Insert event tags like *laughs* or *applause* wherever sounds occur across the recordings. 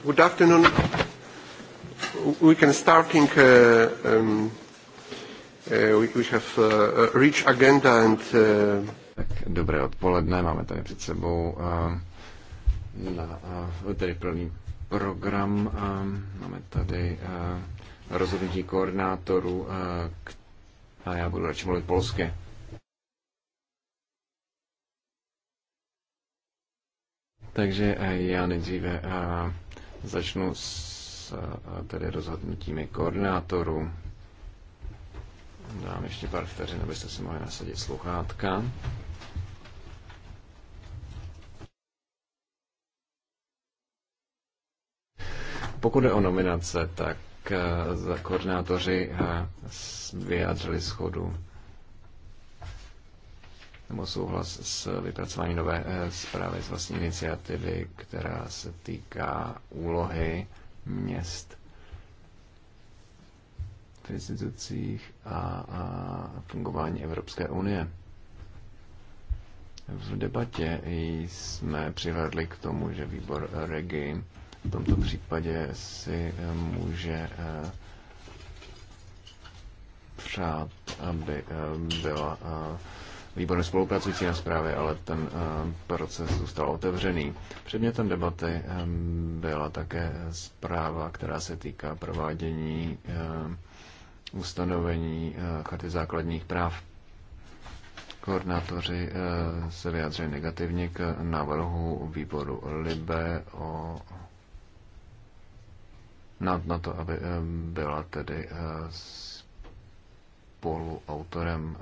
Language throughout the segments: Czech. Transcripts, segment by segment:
Good afternoon. We can starting. Uh, um, uh, we, have uh, rich agenda and. Uh, dobré odpoledne. Máme tady před sebou um, na, tedy plný program. Um, máme tady rozhodnutí koordinátorů a já budu radši mluvit polsky. Takže já nejdříve. Začnu s eh, tedy rozhodnutími koordinátorů. Dám ještě pár vteřin, abyste si mohli nasadit sluchátka. Pokud je o nominace, tak eh, za koordinátoři eh, vyjádřili schodu nebo souhlas s vypracováním nové eh, zprávy z vlastní iniciativy, která se týká úlohy měst v institucích a, a fungování Evropské unie. V debatě jsme přihledli k tomu, že výbor Regi v tomto případě si eh, může eh, přát, aby byla výborně spolupracující na zprávě, ale ten eh, proces zůstal otevřený. Předmětem debaty eh, byla také zpráva, která se týká provádění eh, ustanovení Charty základních práv. Koordinátoři se vyjádřili negativně k návrhu výboru LIBE o na, na to, aby byla tedy spolu autorem, eh,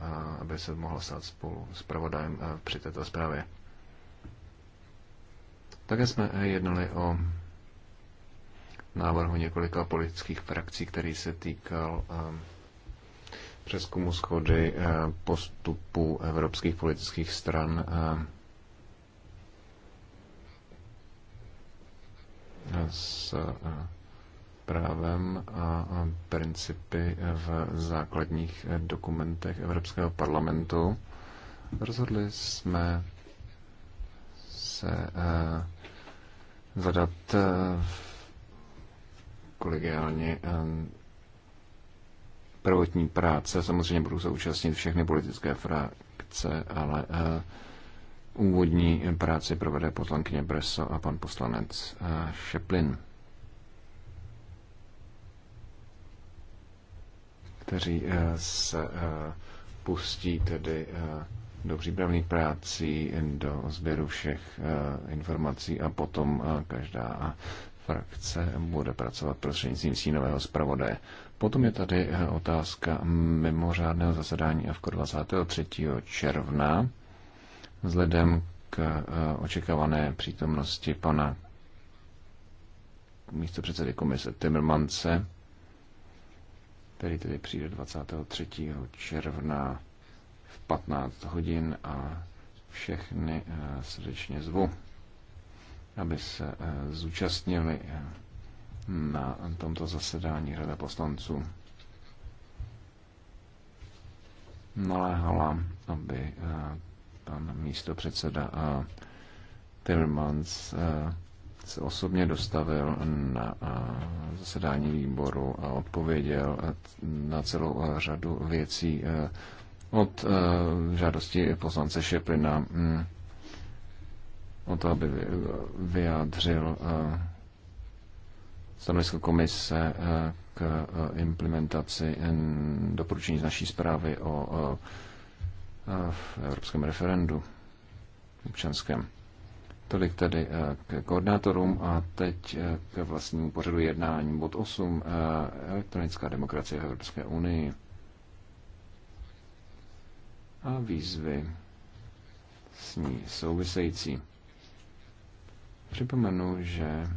aby se mohla stát spolu s pravodajem eh, při této zprávě. Také jsme eh, jednali o návrhu několika politických frakcí, který se týkal přeskumu schody postupu evropských politických stran s právem a principy v základních dokumentech Evropského parlamentu. Rozhodli jsme se eh, zadat eh, kolegiálně eh, prvotní práce. Samozřejmě budou se účastnit všechny politické frakce, ale úvodní práci provede poslankyně Breso a pan poslanec Šeplin. kteří eh, se eh, pustí tedy eh, do přípravných prací, do sběru všech informací a potom každá frakce bude pracovat prostřednictvím sínového zpravodaje. Potom je tady otázka mimořádného zasedání AFKO 23. června. Vzhledem k očekávané přítomnosti pana místo předsedy komise Timmermance který tedy přijde 23. června v 15 hodin a všechny eh, srdečně zvu, aby se eh, zúčastnili eh, na tomto zasedání řada poslanců. Naléhala, aby pan místo předseda Timmermans se osobně dostavil na zasedání výboru a odpověděl na celou řadu věcí od žádosti poslance Šeplina mm, o to, aby vyjádřil stanovisko komise k implementaci doporučení z naší zprávy o v evropském referendu občanském. Tolik tedy eh, k koordinátorům a teď eh, k vlastnímu pořadu jednání. Bod 8. Eh, elektronická demokracie v Evropské unii a výzvy s ní související. Připomenu, že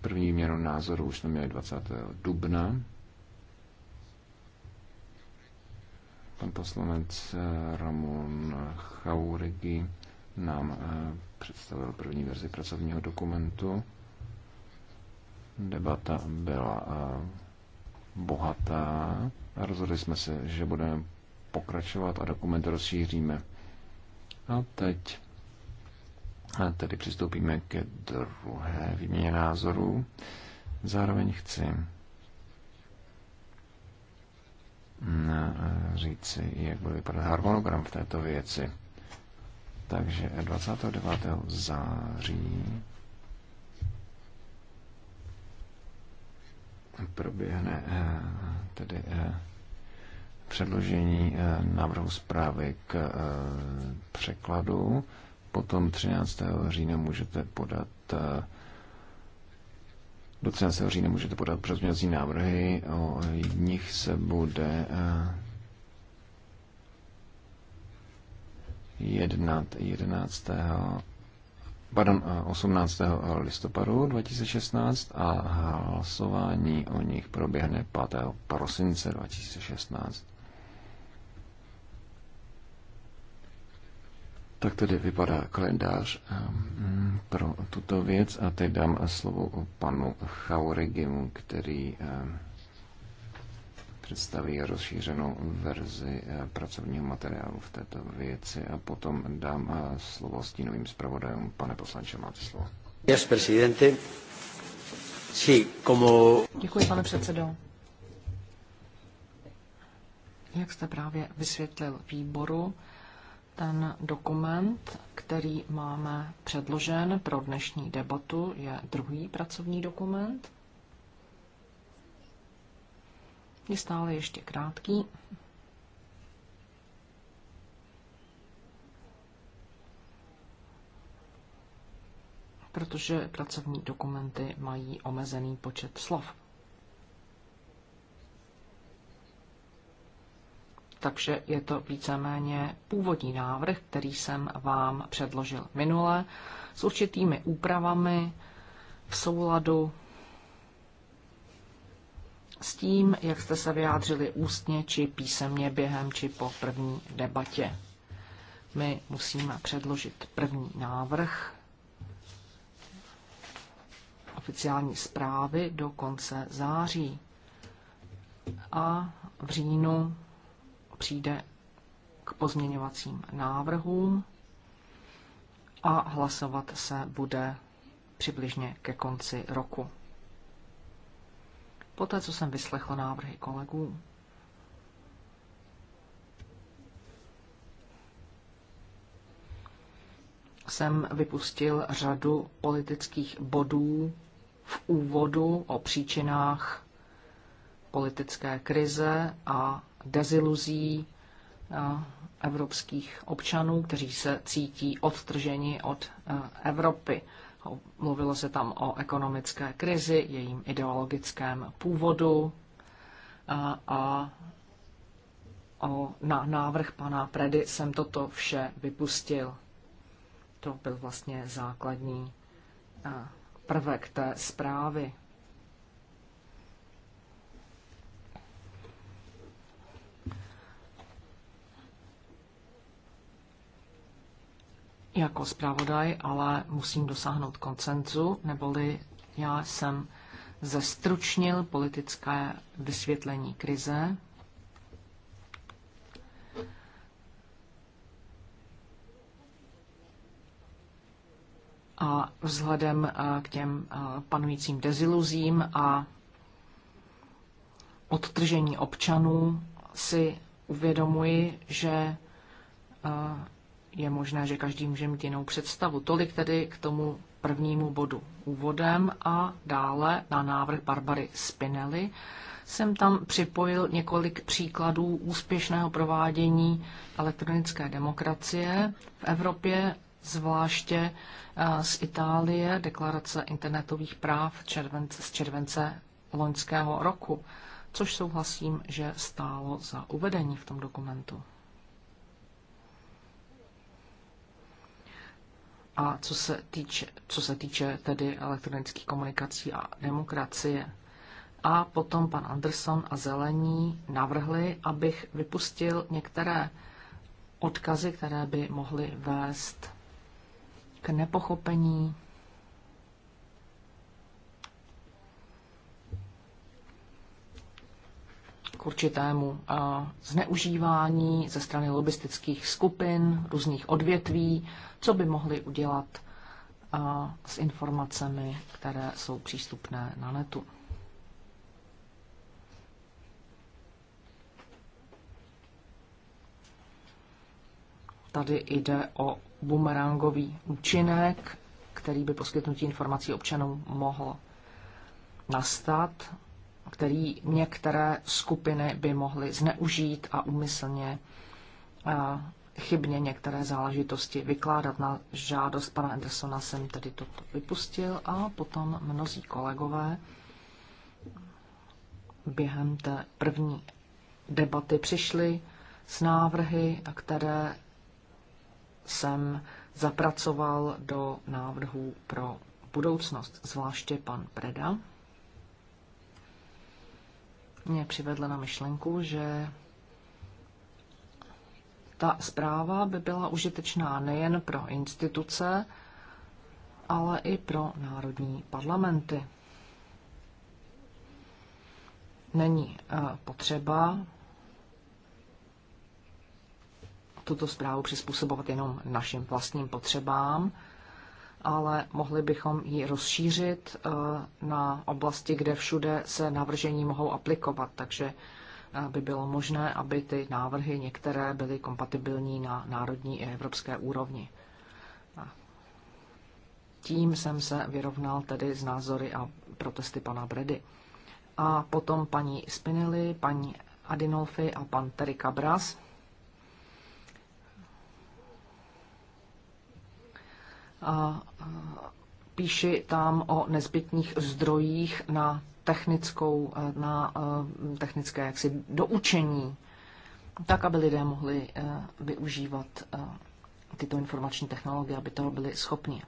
první měnu názoru už jsme měli 20. dubna. Pan poslanec Ramon Chaurigi nám eh, představil první verzi pracovního dokumentu. Debata byla eh, bohatá a rozhodli jsme se, že budeme pokračovat a dokument rozšíříme. A teď a eh, tedy přistoupíme ke druhé výměně názorů. Zároveň chci mm, říci, jak bude vypadat harmonogram v této věci. Takže 29. září proběhne eh, tedy eh, předložení eh, návrhu zprávy k překladu. Potom 13. října můžete podat do 13. října můžete podat přezměnací návrhy, o nich se bude jednat 11. Pardon, 18. Eh, listopadu 2016 a hlasování o nich proběhne 5. prosince 2016. Tak tedy vypadá kalendář ehm, pro tuto věc a teď dám slovo panu Chaurigimu, který ehm, představí rozšířenou verzi eh, pracovního materiálu v této věci a potom dám eh, slovo stínovým zpravodajům. Pane poslanče, máte slovo. Yes, presidente. Sí, como... Děkuji, pane předsedo. Jak jste právě vysvětlil výboru, ten dokument, který máme předložen pro dnešní debatu, je druhý pracovní dokument je stále ještě krátký. protože pracovní dokumenty mají omezený počet slov. Takže je to víceméně původní návrh, který jsem vám předložil minule, s určitými úpravami v souladu s tím, jak jste se vyjádřili ústně či písemně během či po první debatě. My musíme předložit první návrh oficiální zprávy do konce září. A v říjnu přijde k pozměňovacím návrhům a hlasovat se bude přibližně ke konci roku. Poté, co jsem vyslechl návrhy kolegů, jsem vypustil řadu politických bodů v úvodu o příčinách politické krize a deziluzí eh, evropských občanů, kteří se cítí odtrženi od eh, Evropy. Mluvilo se tam o ekonomické krizi, jejím ideologickém původu a, a o, na návrh pana Predy jsem toto vše vypustil. To byl vlastně základní prvek té zprávy. jako zpravodaj, ale musím dosáhnout koncenzu, neboli já jsem zestručnil politické vysvětlení krize. A vzhledem eh, k těm eh, panujícím deziluzím a odtržení občanů si uvědomuji, že eh, je možné, že každý může mít jinou představu. Tolik tedy k tomu prvnímu bodu úvodem a dále na návrh Barbary Spinelli jsem tam připojil několik příkladů úspěšného provádění elektronické demokracie v Evropě, zvláště eh, z Itálie, deklarace internetových práv července, z července loňského roku, což souhlasím, že stálo za uvedení v tom dokumentu. A co se týče, co se týče tedy elektronických komunikací a demokracie. A potom pan Anderson a Zelení navrhli, abych vypustil některé odkazy, které by mohly vést k nepochopení k určitému eh, zneužívání ze strany lobistických skupin, různých odvětví, co by mohli udělat eh, s informacemi, které jsou přístupné na netu. Tady jde o bumerangový účinek, který by poskytnutí informací občanům mohl nastat, který některé skupiny by mohly zneužít a umyslně eh, chybně některé záležitosti vykládat. Na žádost pana Andersona jsem tedy to vypustil a potom mnozí kolegové během té první debaty přišli s návrhy, které jsem zapracoval do návrhů pro budoucnost, zvláště pan Preda. Mě přivedla na myšlenku, že ta zpráva by byla užitečná nejen pro instituce, ale i pro národní parlamenty. Není eh, potřeba tuto zprávu přizpůsobovat jenom našim vlastním potřebám, ale mohli bychom ji rozšířit eh, na oblasti, kde všude se navržení mohou aplikovat. Takže by bylo možné, aby ty návrhy některé byly kompatibilní na národní i evropské úrovni. A tím jsem se vyrovnal tedy z názory a protesty pana Bredy. A potom paní Spinelli, paní Adinolfi a pan Terry Cabras. A, píši tam o nezbytných zdrojích na technickou, eh, na eh, technické jaksi doučení, tak, aby lidé mohli eh, využívat tyto informační technologie, aby toho byli schopni.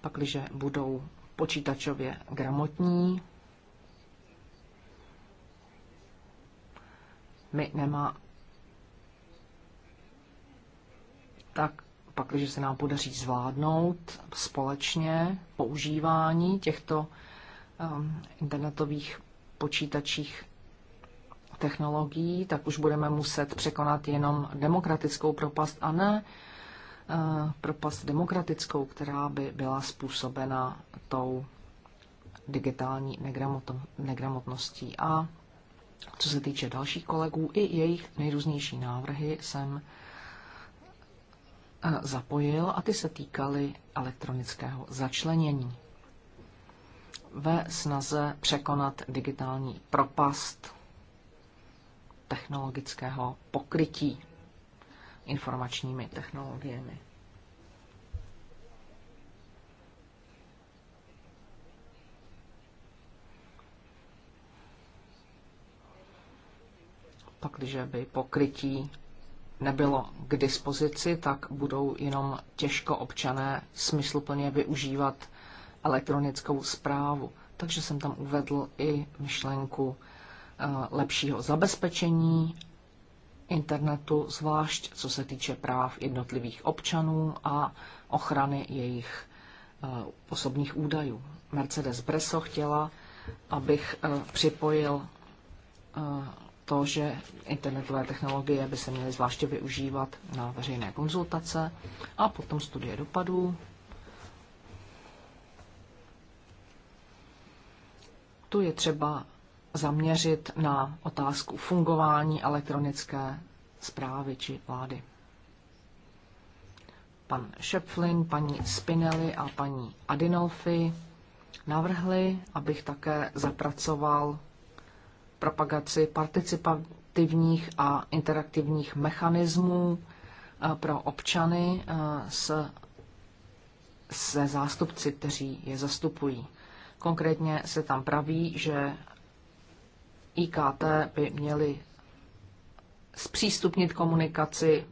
Pakliže budou počítačově gramotní, my nemá, tak pak, když se nám podaří zvládnout společně používání těchto um, internetových počítačích technologií, tak už budeme muset překonat jenom demokratickou propast a ne uh, propast demokratickou, která by byla způsobena tou digitální negramotností. A co se týče dalších kolegů, i jejich nejrůznější návrhy jsem zapojil a ty se týkaly elektronického začlenění. Ve snaze překonat digitální propast technologického pokrytí informačními technologiemi. Pak, když by pokrytí nebylo k dispozici, tak budou jenom těžko občané smysluplně využívat elektronickou zprávu. Takže jsem tam uvedl i myšlenku eh, lepšího zabezpečení internetu, zvlášť co se týče práv jednotlivých občanů a ochrany jejich eh, osobních údajů. Mercedes Breso chtěla, abych eh, připojil to, že internetové technologie by se měly zvláště využívat na veřejné konzultace a potom studie dopadů. Tu je třeba zaměřit na otázku fungování elektronické zprávy či vlády. Pan Šepflin, paní Spinelli a paní Adinolfi navrhli, abych také zapracoval propagaci participativních a interaktivních mechanismů eh, pro občany eh, se zástupci, kteří je zastupují. Konkrétně se tam praví, že IKT by měly zpřístupnit komunikaci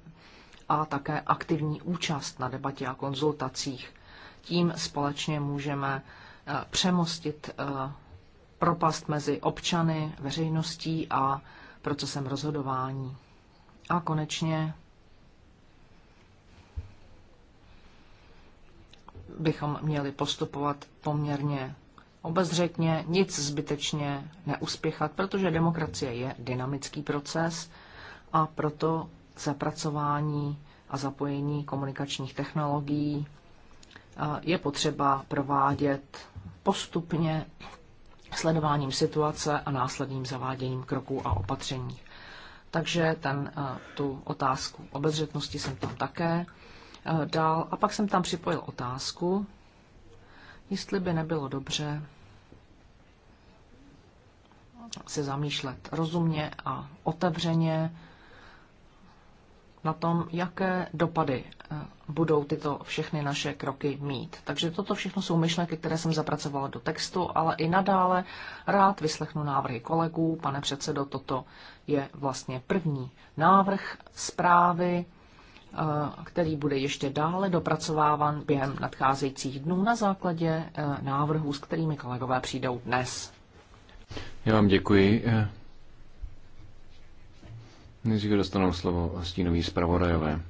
a také aktivní účast na debatě a konzultacích. Tím společně můžeme eh, přemostit propast mezi občany, veřejností a procesem rozhodování. A konečně bychom měli postupovat poměrně obezřetně, nic zbytečně neuspěchat, protože demokracie je dynamický proces a proto zapracování a zapojení komunikačních technologií eh, je potřeba provádět postupně sledováním situace a následným zaváděním kroků a opatření. Takže ten, eh, tu otázku obezřetnosti jsem tam také eh, dal. A pak jsem tam připojil otázku, jestli by nebylo dobře se zamýšlet rozumně a otevřeně na tom, jaké dopady eh, budou tyto všechny naše kroky mít. Takže toto všechno jsou myšlenky, které jsem zapracovala do textu, ale i nadále rád vyslechnu návrhy kolegů. Pane předsedo, toto je vlastně první návrh zprávy, eh, který bude ještě dále dopracováván během nadcházejících dnů na základě eh, návrhů, s kterými kolegové přijdou dnes. Já vám děkuji. Nejdříve dostanou slovo stínový zpravodajové.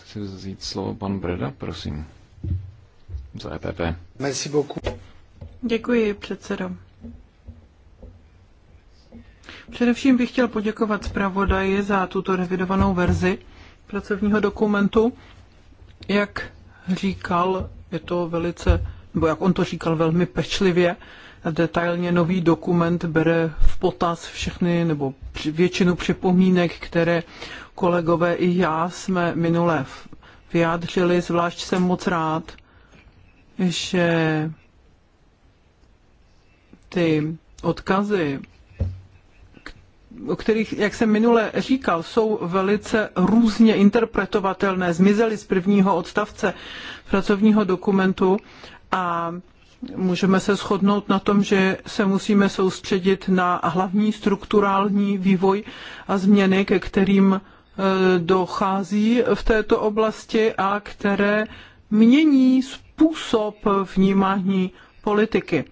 Chci vzít slovo pan Breda, prosím. Za EPP. Merci beaucoup. Děkuji, předsedo. Především bych chtěl poděkovat zpravodaji za tuto revidovanou verzi pracovního dokumentu. Jak říkal, je to velice, nebo jak on to říkal velmi pečlivě, detailně nový dokument bere v potaz všechny nebo většinu připomínek, které kolegové i já jsme minule vyjádřili. Zvlášť jsem moc rád, že ty odkazy, o kterých, jak jsem minule říkal, jsou velice různě interpretovatelné, zmizely z prvního odstavce pracovního dokumentu a Můžeme se shodnout na tom, že se musíme soustředit na hlavní strukturální vývoj a změny, ke kterým e, dochází v této oblasti a které mění způsob vnímání politiky.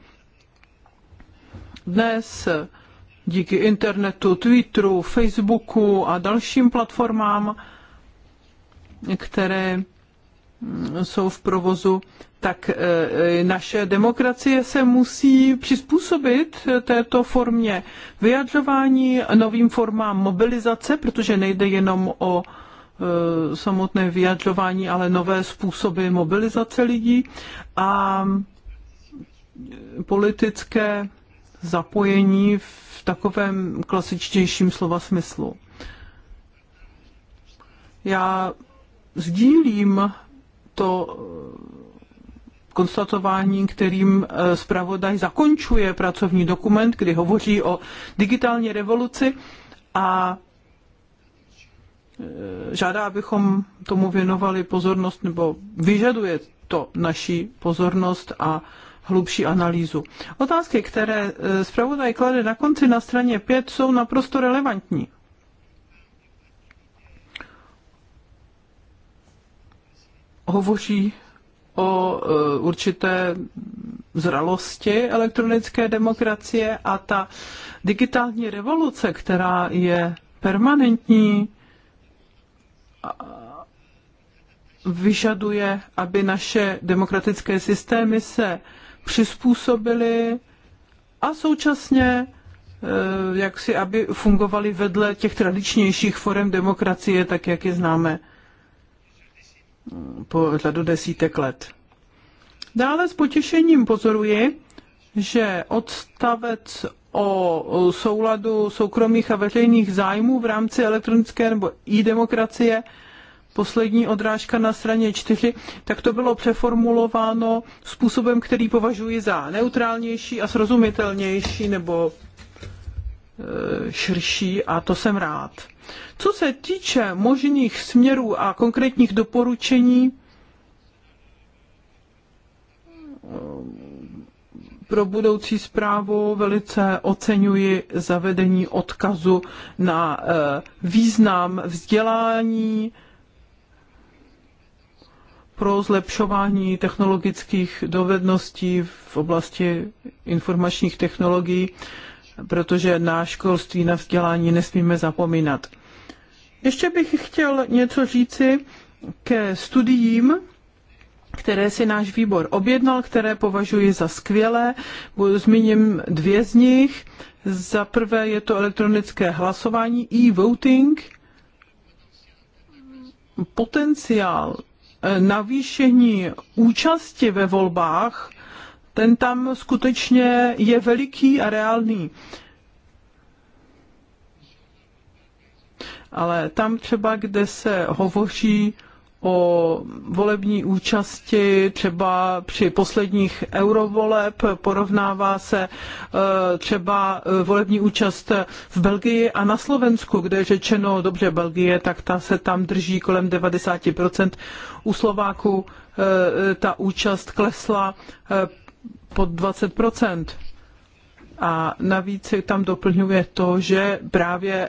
Dnes díky internetu, Twitteru, Facebooku a dalším platformám, které jsou v provozu, tak e, e, naše demokracie se musí přizpůsobit této formě vyjadřování, novým formám mobilizace, protože nejde jenom o e, samotné vyjadřování, ale nové způsoby mobilizace lidí a politické zapojení v takovém klasičtějším slova smyslu. Já sdílím to eh, konstatování, kterým eh, zpravodaj zakončuje pracovní dokument, kdy hovoří o digitální revoluci a eh, žádá, abychom tomu věnovali pozornost, nebo vyžaduje to naší pozornost a hlubší analýzu. Otázky, které zpravodaj klade na konci na straně 5, jsou naprosto relevantní. hovoří o e, určité zralosti elektronické demokracie a ta digitální revoluce, která je permanentní, vyžaduje, aby naše demokratické systémy se přizpůsobily a současně e, jak si, aby fungovaly vedle těch tradičnějších forem demokracie, tak jak je známe po řadu desítek let. Dále s potěšením pozoruji, že odstavec o souladu soukromých a veřejných zájmů v rámci elektronické nebo e-demokracie, poslední odrážka na straně 4, tak to bylo přeformulováno způsobem, který považuji za neutrálnější a srozumitelnější nebo Eh, širší a to jsem rád. Co se týče možných směrů a konkrétních doporučení eh, pro budoucí zprávu, velice oceňuji zavedení odkazu na eh, význam vzdělání pro zlepšování technologických dovedností v oblasti informačních technologií protože na školství, na vzdělání nesmíme zapomínat. Ještě bych chtěl něco říci ke studiím, které si náš výbor objednal, které považuji za skvělé. Zmíním dvě z nich. Za prvé je to elektronické hlasování e-voting. Potenciál eh, navýšení účasti ve volbách ten tam skutečně je veliký a reálný. Ale tam třeba, kde se hovoří o volební účasti třeba při posledních eurovoleb, porovnává se e, třeba e, volební účast v Belgii a na Slovensku, kde je řečeno, dobře, Belgie, tak ta se tam drží kolem 90%, u Slováku e, ta účast klesla pod 20 a navíc se tam doplňuje to, že právě e,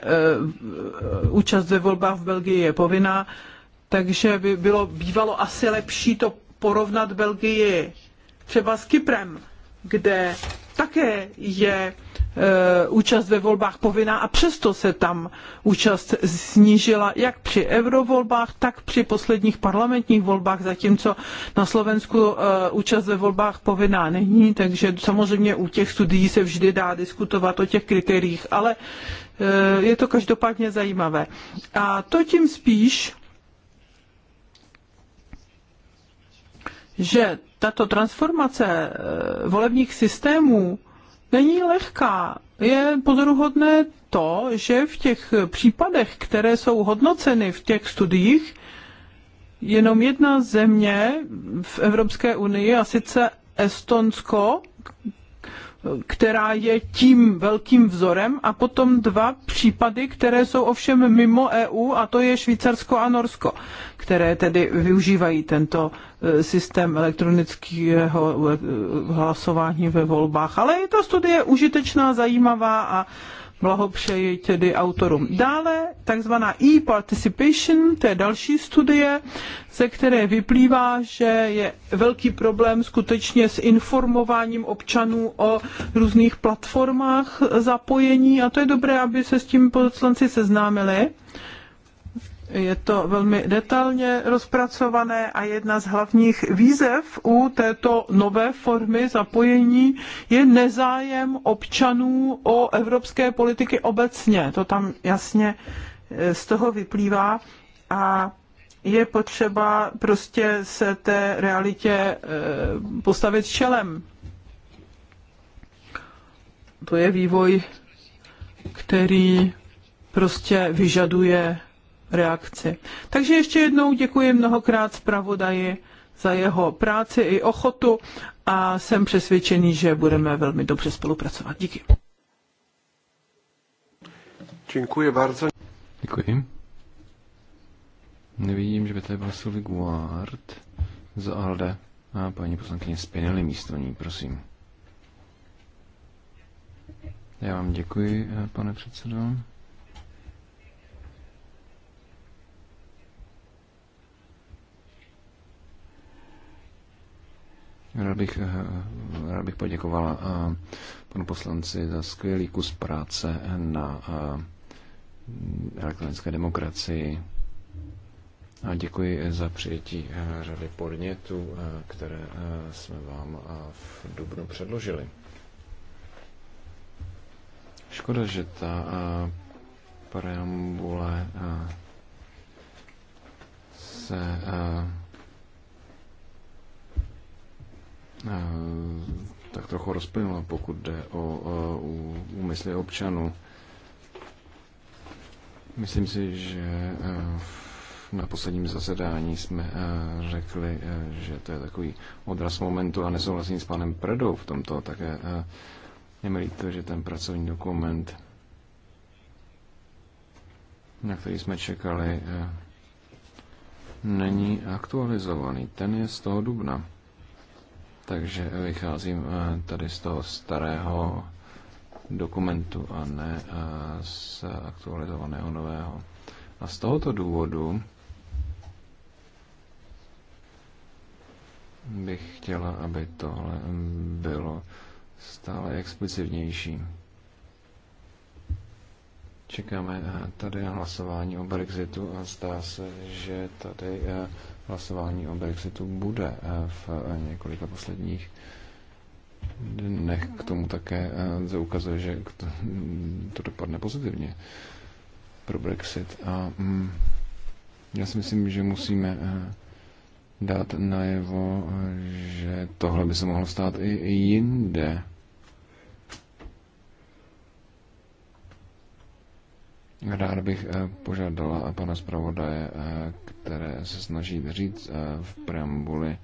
účast ve volbách v Belgii je povinná, takže by bylo bývalo asi lepší to porovnat Belgii třeba s Kyprem, kde také je Eh, účast ve volbách povinná a přesto se tam účast snížila jak při eurovolbách, tak při posledních parlamentních volbách, zatímco na Slovensku eh, účast ve volbách povinná není, takže samozřejmě u těch studií se vždy dá diskutovat o těch kritériích, ale eh, je to každopádně zajímavé. A to tím spíš, že tato transformace volebních systémů není lehká. Je pozoruhodné to, že v těch případech, které jsou hodnoceny v těch studiích, jenom jedna země v Evropské unii, a sice Estonsko, která je tím velkým vzorem, a potom dva případy, které jsou ovšem mimo EU, a to je Švýcarsko a Norsko, které tedy využívají tento e, systém elektronického e, hlasování ve volbách. Ale je ta studie užitečná, zajímavá a blahopřeji tedy autorům. Dále takzvaná e-participation, to je další studie, ze které vyplývá, že je velký problém skutečně s informováním občanů o různých platformách zapojení a to je dobré, aby se s tím poslanci seznámili. Je to velmi detailně rozpracované a jedna z hlavních výzev u této nové formy zapojení je nezájem občanů o evropské politiky obecně. To tam jasně eh, z toho vyplývá a je potřeba prostě se té realitě eh, postavit čelem. To je vývoj, který prostě vyžaduje Reakce. Takže ještě jednou děkuji mnohokrát zpravodaji za jeho práci i ochotu a jsem přesvědčený, že budeme velmi dobře spolupracovat. Díky. Děkuji bardzo. Děkuji. Nevidím, že by tady byl Sylvie Guard za Alde a paní poslankyně Spinelli místo ní, prosím. Já vám děkuji, eh, pane předsedo. Rád bych, eh, rád bych poděkovala eh, panu poslanci za skvělý kus práce na eh, elektronické demokracii a děkuji za přijetí řady podnětů, které jsme vám v Dubnu předložili. Škoda, že ta preambule se Eh, tak trochu rozplynula, pokud jde o eh, úmysly občanů. Myslím si, že eh, na posledním zasedání jsme řekli, že to je takový odraz momentu a nesouhlasím s panem Predou v tomto také. Je mi líto, že ten pracovní dokument, na který jsme čekali, není aktualizovaný. Ten je z toho dubna. Takže vycházím eh, tady z toho starého dokumentu a ne eh, z aktualizovaného nového. A z tohoto důvodu bych chtěla, aby tohle bylo stále explicivnější. Čekáme eh, tady hlasování o Brexitu a zdá se, že tady hlasování o Brexitu bude eh, v eh, několika posledních dnech. K tomu také eh, se ukazuje, že mm, to dopadne pozitivně pro Brexit. A mm, já si myslím, že musíme dát najevo, že tohle by se mohlo stát i jinde. Rád bych eh, požádala pana zpravodaje, eh, které se snaží říct eh, v preambuli,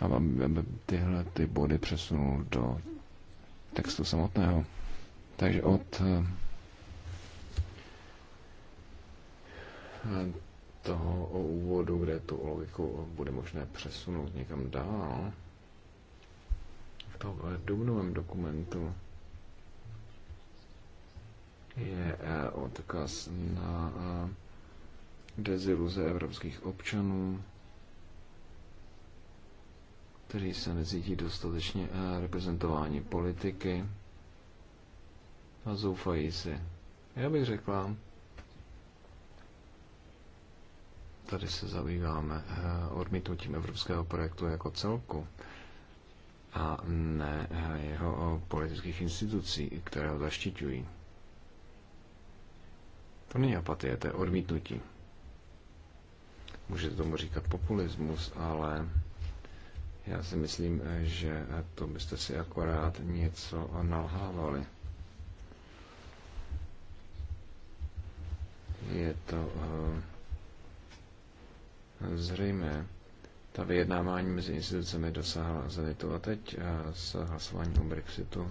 aby tyhle ty body přesunul do textu samotného. Takže od toho úvodu, kde tu logiku bude možné přesunout někam dál, v tom dubnovém dokumentu je eh, odkaz na eh, deziluze evropských občanů, kteří se necítí dostatečně eh, reprezentování politiky a zoufají si. Já bych vám, tady se zabýváme odmítnutím evropského projektu jako celku a ne jeho politických institucí, které ho zaštiťují. To není apatie, to je odmítnutí. Můžete tomu říkat populismus, ale já si myslím, že to byste si akorát něco nalhávali. Je to uh, zřejmé. Ta vyjednávání mezi institucemi dosáhla zenitu a teď uh, s hlasováním o Brexitu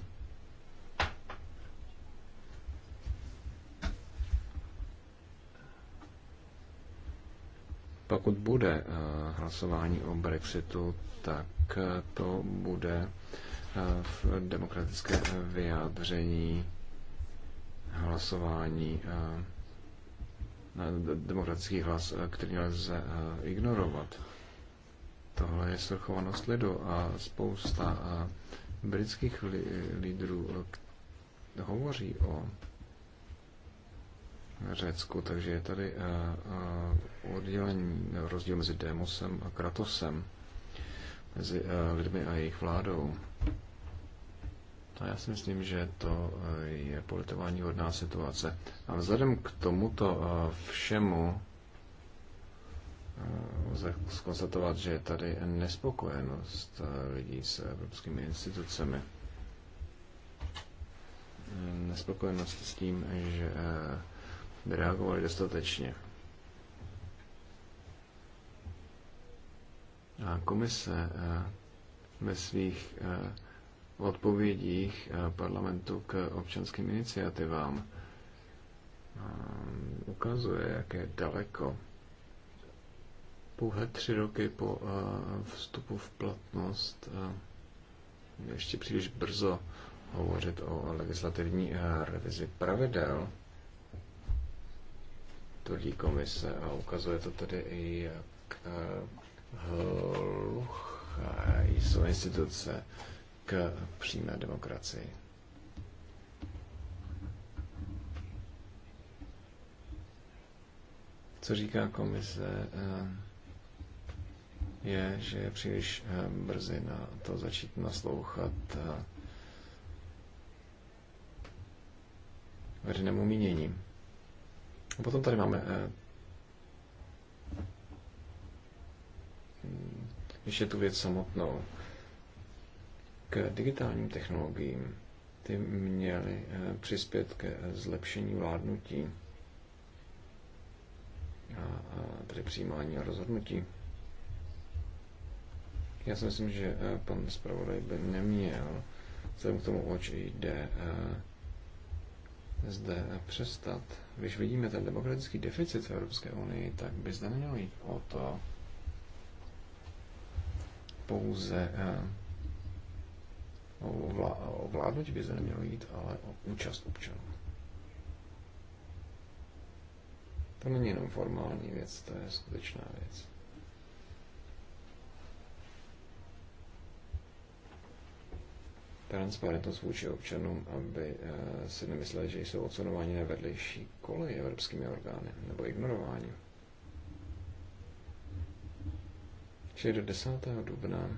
Pokud bude eh, hlasování o Brexitu, tak eh, to bude eh, v demokratické vyjádření hlasování demokratický hlas, který nelze ignorovat. Tohle je svrchovanost lidu a spousta britských lídrů hovoří o Řecku, takže je tady eh, eh, oddělení, rozdíl mezi Demosem a Kratosem, mezi eh, lidmi a jejich vládou. A já si myslím, že to je politování hodná situace. A vzhledem k tomuto všemu lze skonstatovat, že je tady nespokojenost lidí s evropskými institucemi. Nespokojenost s tím, že reagovali dostatečně. A komise eh, ve svých eh, odpovědích eh, parlamentu k občanským iniciativám ukazuje, jak je daleko pouhé tři roky po vstupu v platnost ještě příliš brzo hovořit o legislativní revizi pravidel tvrdí komise a ukazuje to tedy i, jak eh, hluché jsou instituce k přímé demokracii. Co říká komise, eh, je, že je příliš eh, brzy na to začít naslouchat veřejnému míněním. A potom tady máme eh, ještě tu věc samotnou. K digitálním technologiím ty měly eh, přispět ke zlepšení vládnutí a tedy přijímání a rozhodnutí. Já si myslím, že eh, pan zpravodaj by neměl vzhledem k tomu, oč jde, zde přestat. Když vidíme ten demokratický deficit v Evropské unii, tak by zde nemělo jít o to pouze eh, o vládnutí by zde nemělo jít, ale o účast občanů. To není jenom formální věc, to je skutečná věc. transparentnost vůči občanům, aby eh, si nemysleli, že jsou odsunováni na vedlejší kolej evropskými orgány nebo ignorováni. Čili do 10. dubna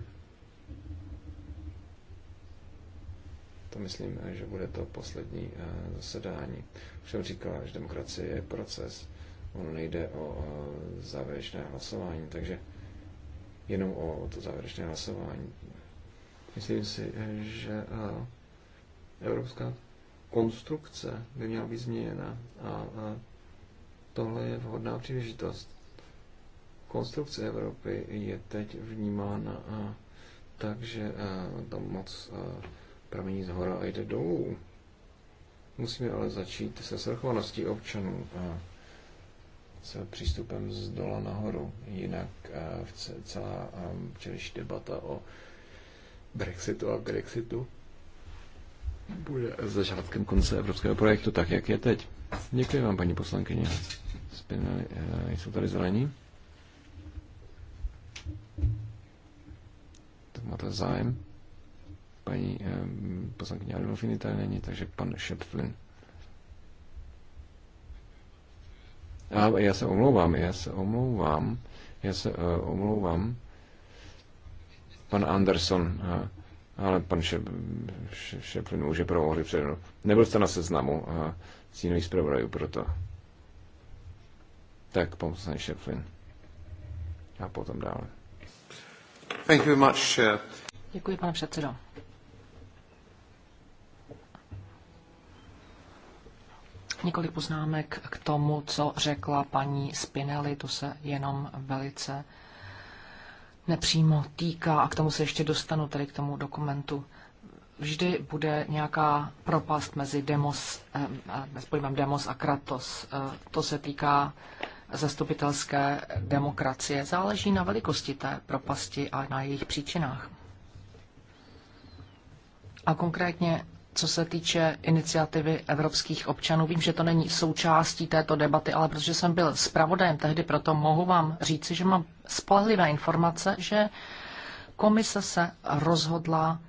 to myslím, eh, že bude to poslední eh, zasedání. Už jsem říkal, že demokracie je proces, ono nejde o závěrečné hlasování, takže jenom o to závěrečné hlasování. Myslím si, že eh, evropská konstrukce by měla být změněna a tohle je vhodná příležitost. Konstrukce Evropy je teď vnímána tak, že eh, tam moc eh, pramení z hora a jde dolů. Musíme ale začít se svrchovaností občanů a s přístupem z dola nahoru. Jinak celá čeliš debata o Brexitu a Brexitu bude začátkem konce evropského projektu, tak jak je teď. Děkuji vám, paní poslankyně. Spinali, eh, jsou tady zelení? Tak máte zájem? Paní eh, poslankyně Adolfiny tady není, takže pan Šepflin. A já se omlouvám, já se omlouvám, já se uh, omlouvám pan Anderson, ale pan Šeplin může promohli přednu. Nebyl jste na seznamu cínových zpravodajů proto. Tak, pan poslanec Šeplin. A potom dále. Thank you much, Chair. Děkuji, pane předsedo. Několik poznámek k tomu, co řekla paní Spinelli, to se jenom velice nepřímo týká, a k tomu se ještě dostanu, tady k tomu dokumentu, vždy bude nějaká propast mezi demos, eh, eh pojmem demos a kratos. Eh, to se týká zastupitelské demokracie. Záleží na velikosti té propasti a na jejich příčinách. A konkrétně co se týče iniciativy evropských občanů. Vím, že to není součástí této debaty, ale protože jsem byl zpravodajem tehdy, proto mohu vám říci, že mám spolehlivé informace, že komise se rozhodla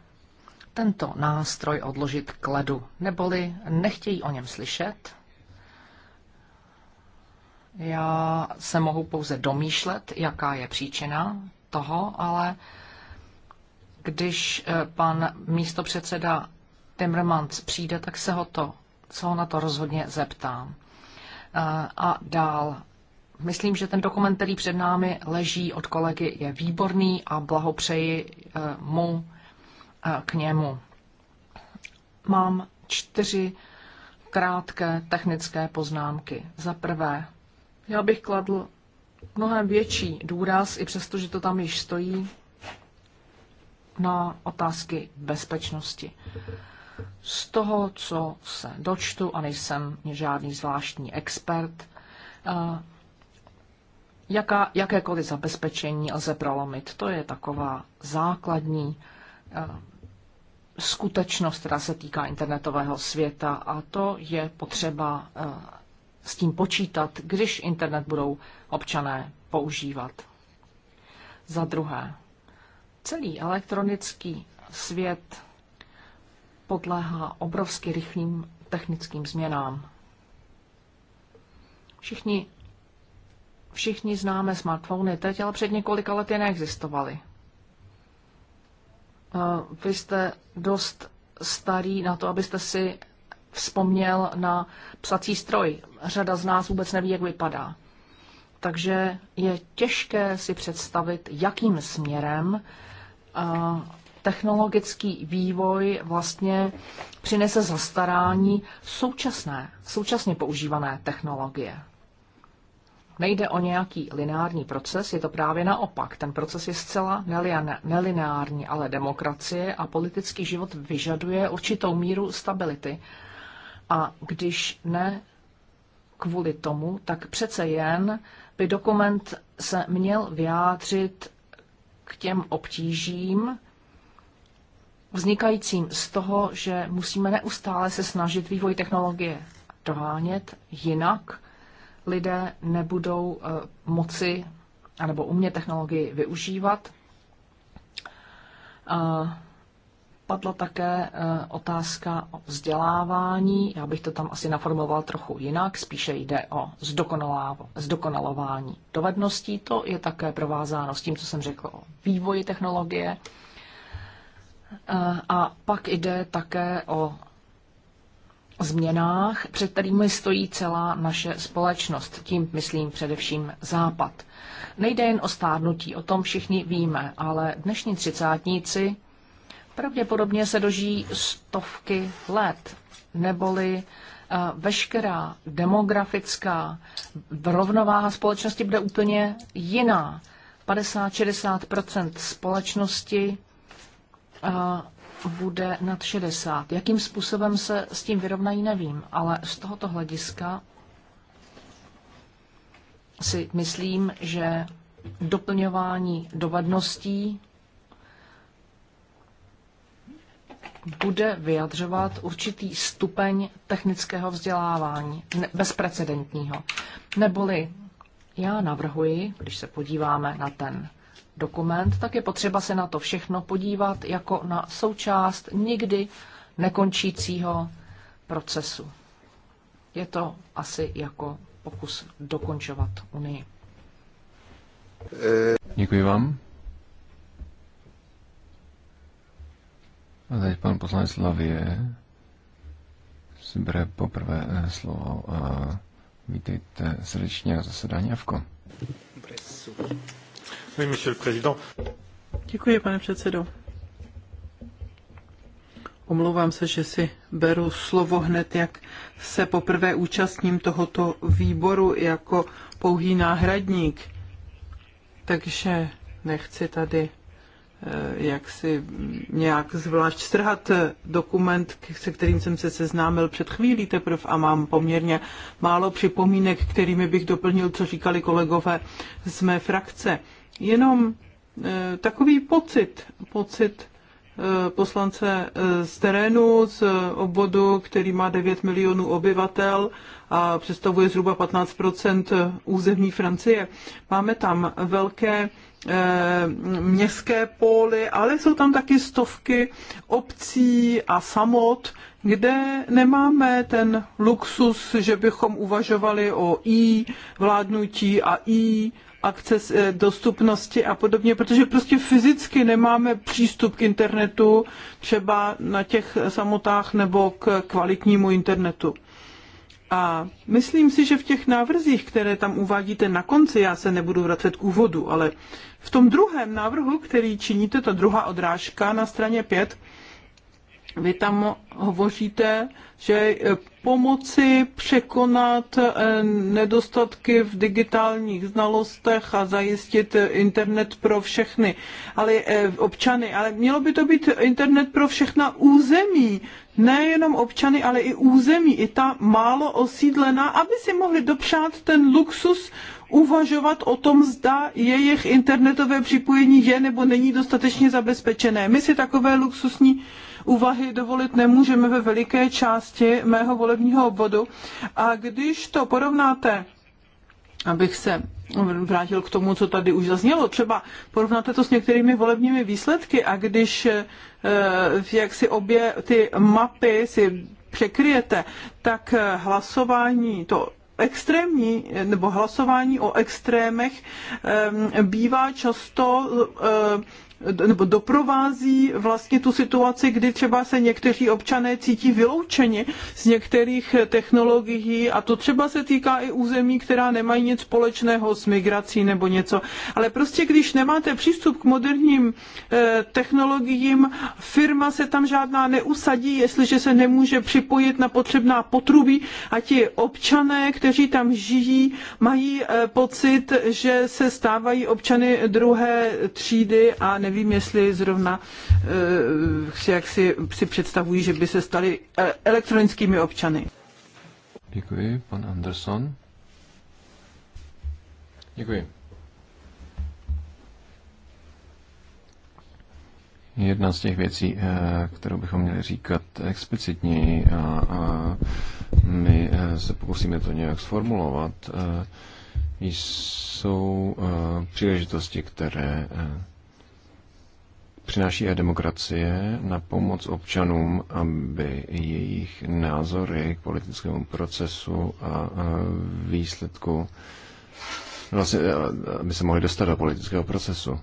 tento nástroj odložit k ledu, neboli nechtějí o něm slyšet. Já se mohu pouze domýšlet, jaká je příčina toho, ale když eh, pan místopředseda Timmermans přijde, tak se ho, to, co ho na to rozhodně zeptám. Eh, a dál. Myslím, že ten dokument, který před námi leží od kolegy, je výborný a blahopřeji eh, mu eh, k němu. Mám čtyři krátké technické poznámky. Za prvé, já bych kladl mnohem větší důraz, i přesto, že to tam již stojí, na otázky bezpečnosti. Z toho, co se dočtu, a nejsem žádný zvláštní expert, eh, jaká, jakékoliv zabezpečení lze prolomit. To je taková základní eh, skutečnost, která se týká internetového světa a to je potřeba eh, s tím počítat, když internet budou občané používat. Za druhé, celý elektronický svět podléhá obrovsky rychlým technickým změnám. Všichni, všichni známe smartfony teď, ale před několika lety neexistovaly. Eh, vy jste dost starý na to, abyste si vzpomněl na psací stroj. Řada z nás vůbec neví, jak vypadá. Takže je těžké si představit, jakým směrem eh, technologický vývoj vlastně přinese zastarání současné, současně používané technologie. Nejde o nějaký lineární proces, je to právě naopak. Ten proces je zcela nelineární, ale demokracie a politický život vyžaduje určitou míru stability. A když ne kvůli tomu, tak přece jen by dokument se měl vyjádřit k těm obtížím, vznikajícím z toho, že musíme neustále se snažit vývoj technologie dohánět, jinak lidé nebudou eh, moci anebo umět technologii využívat. Eh, padla také eh, otázka o vzdělávání. Já bych to tam asi naformoval trochu jinak. Spíše jde o zdokonalování dovedností. To je také provázáno s tím, co jsem řekl o vývoji technologie. Eh, a pak jde také o změnách, před kterými stojí celá naše společnost, tím myslím především Západ. Nejde jen o stárnutí, o tom všichni víme, ale dnešní třicátníci pravděpodobně se dožijí stovky let, neboli eh, veškerá demografická rovnováha společnosti bude úplně jiná. 50-60 společnosti bude nad 60. Jakým způsobem se s tím vyrovnají, nevím, ale z tohoto hlediska si myslím, že doplňování dovedností bude vyjadřovat určitý stupeň technického vzdělávání, bezprecedentního. Neboli já navrhuji, když se podíváme na ten dokument, tak je potřeba se na to všechno podívat jako na součást nikdy nekončícího procesu. Je to asi jako pokus dokončovat Unii. Děkuji vám. A teď pan poslanec Lavie bere poprvé eh, slovo a eh, vítejte srdečně na zasedání AVKO. Presu. Děkuji, pane předsedo. Omlouvám se, že si beru slovo hned, jak se poprvé účastním tohoto výboru jako pouhý náhradník. Takže nechci tady eh, jak si nějak zvlášť strhat dokument, se kterým jsem se seznámil před chvílí teprve a mám poměrně málo připomínek, kterými bych doplnil, co říkali kolegové z mé frakce jenom eh, takový pocit, pocit eh, poslance eh, z terénu, z obvodu, který má 9 milionů obyvatel a představuje zhruba 15 území Francie. Máme tam velké městské póly, ale jsou tam taky stovky obcí a samot, kde nemáme ten luxus, že bychom uvažovali o i vládnutí a i akce eh, dostupnosti a podobně, protože prostě fyzicky nemáme přístup k internetu třeba na těch samotách nebo k kvalitnímu internetu. A myslím si, že v těch návrzích, které tam uvádíte na konci, já se nebudu vracet k úvodu, ale v tom druhém návrhu, který činíte, ta druhá odrážka na straně 5, vy tam hovoříte, že eh, pomoci překonat eh, nedostatky v digitálních znalostech a zajistit eh, internet pro všechny, ale občany. Ale mělo by to být internet pro všechna území, nejenom občany, ale i území, i ta málo osídlená, aby si mohli dopřát ten luxus uvažovat o tom, zda jejich internetové připojení je nebo není dostatečně zabezpečené. My si takové luxusní úvahy dovolit nemůžeme ve veliké části mého volebního obvodu. A když to porovnáte, abych se vrátil k tomu, co tady už zaznělo. Třeba porovnáte to s některými volebními výsledky a když eh, jak si obě ty mapy si překryjete, tak eh, hlasování, to extrémní, nebo hlasování o extrémech ehm, bývá často eh, nebo doprovází vlastně tu situaci, kdy třeba se někteří občané cítí vyloučeni z některých technologií a to třeba se týká i území, která nemají nic společného s migrací nebo něco. Ale prostě když nemáte přístup k moderním eh, technologiím, firma se tam žádná neusadí, jestliže se nemůže připojit na potřebná potrubí a ti občané, kteří tam žijí, mají eh, pocit, že se stávají občany druhé třídy a ne nevím, jestli zrovna eh, si jak si, si představují, že by se stali eh, elektronickými občany. Děkuji, pan Anderson. Děkuji. Jedna z těch věcí, eh, kterou bychom měli říkat explicitněji a my se pokusíme to nějak sformulovat, jsou příležitosti, které přináší a demokracie na pomoc občanům, aby jejich názory k politickému procesu a výsledku vlastně, aby se mohli dostat do politického procesu.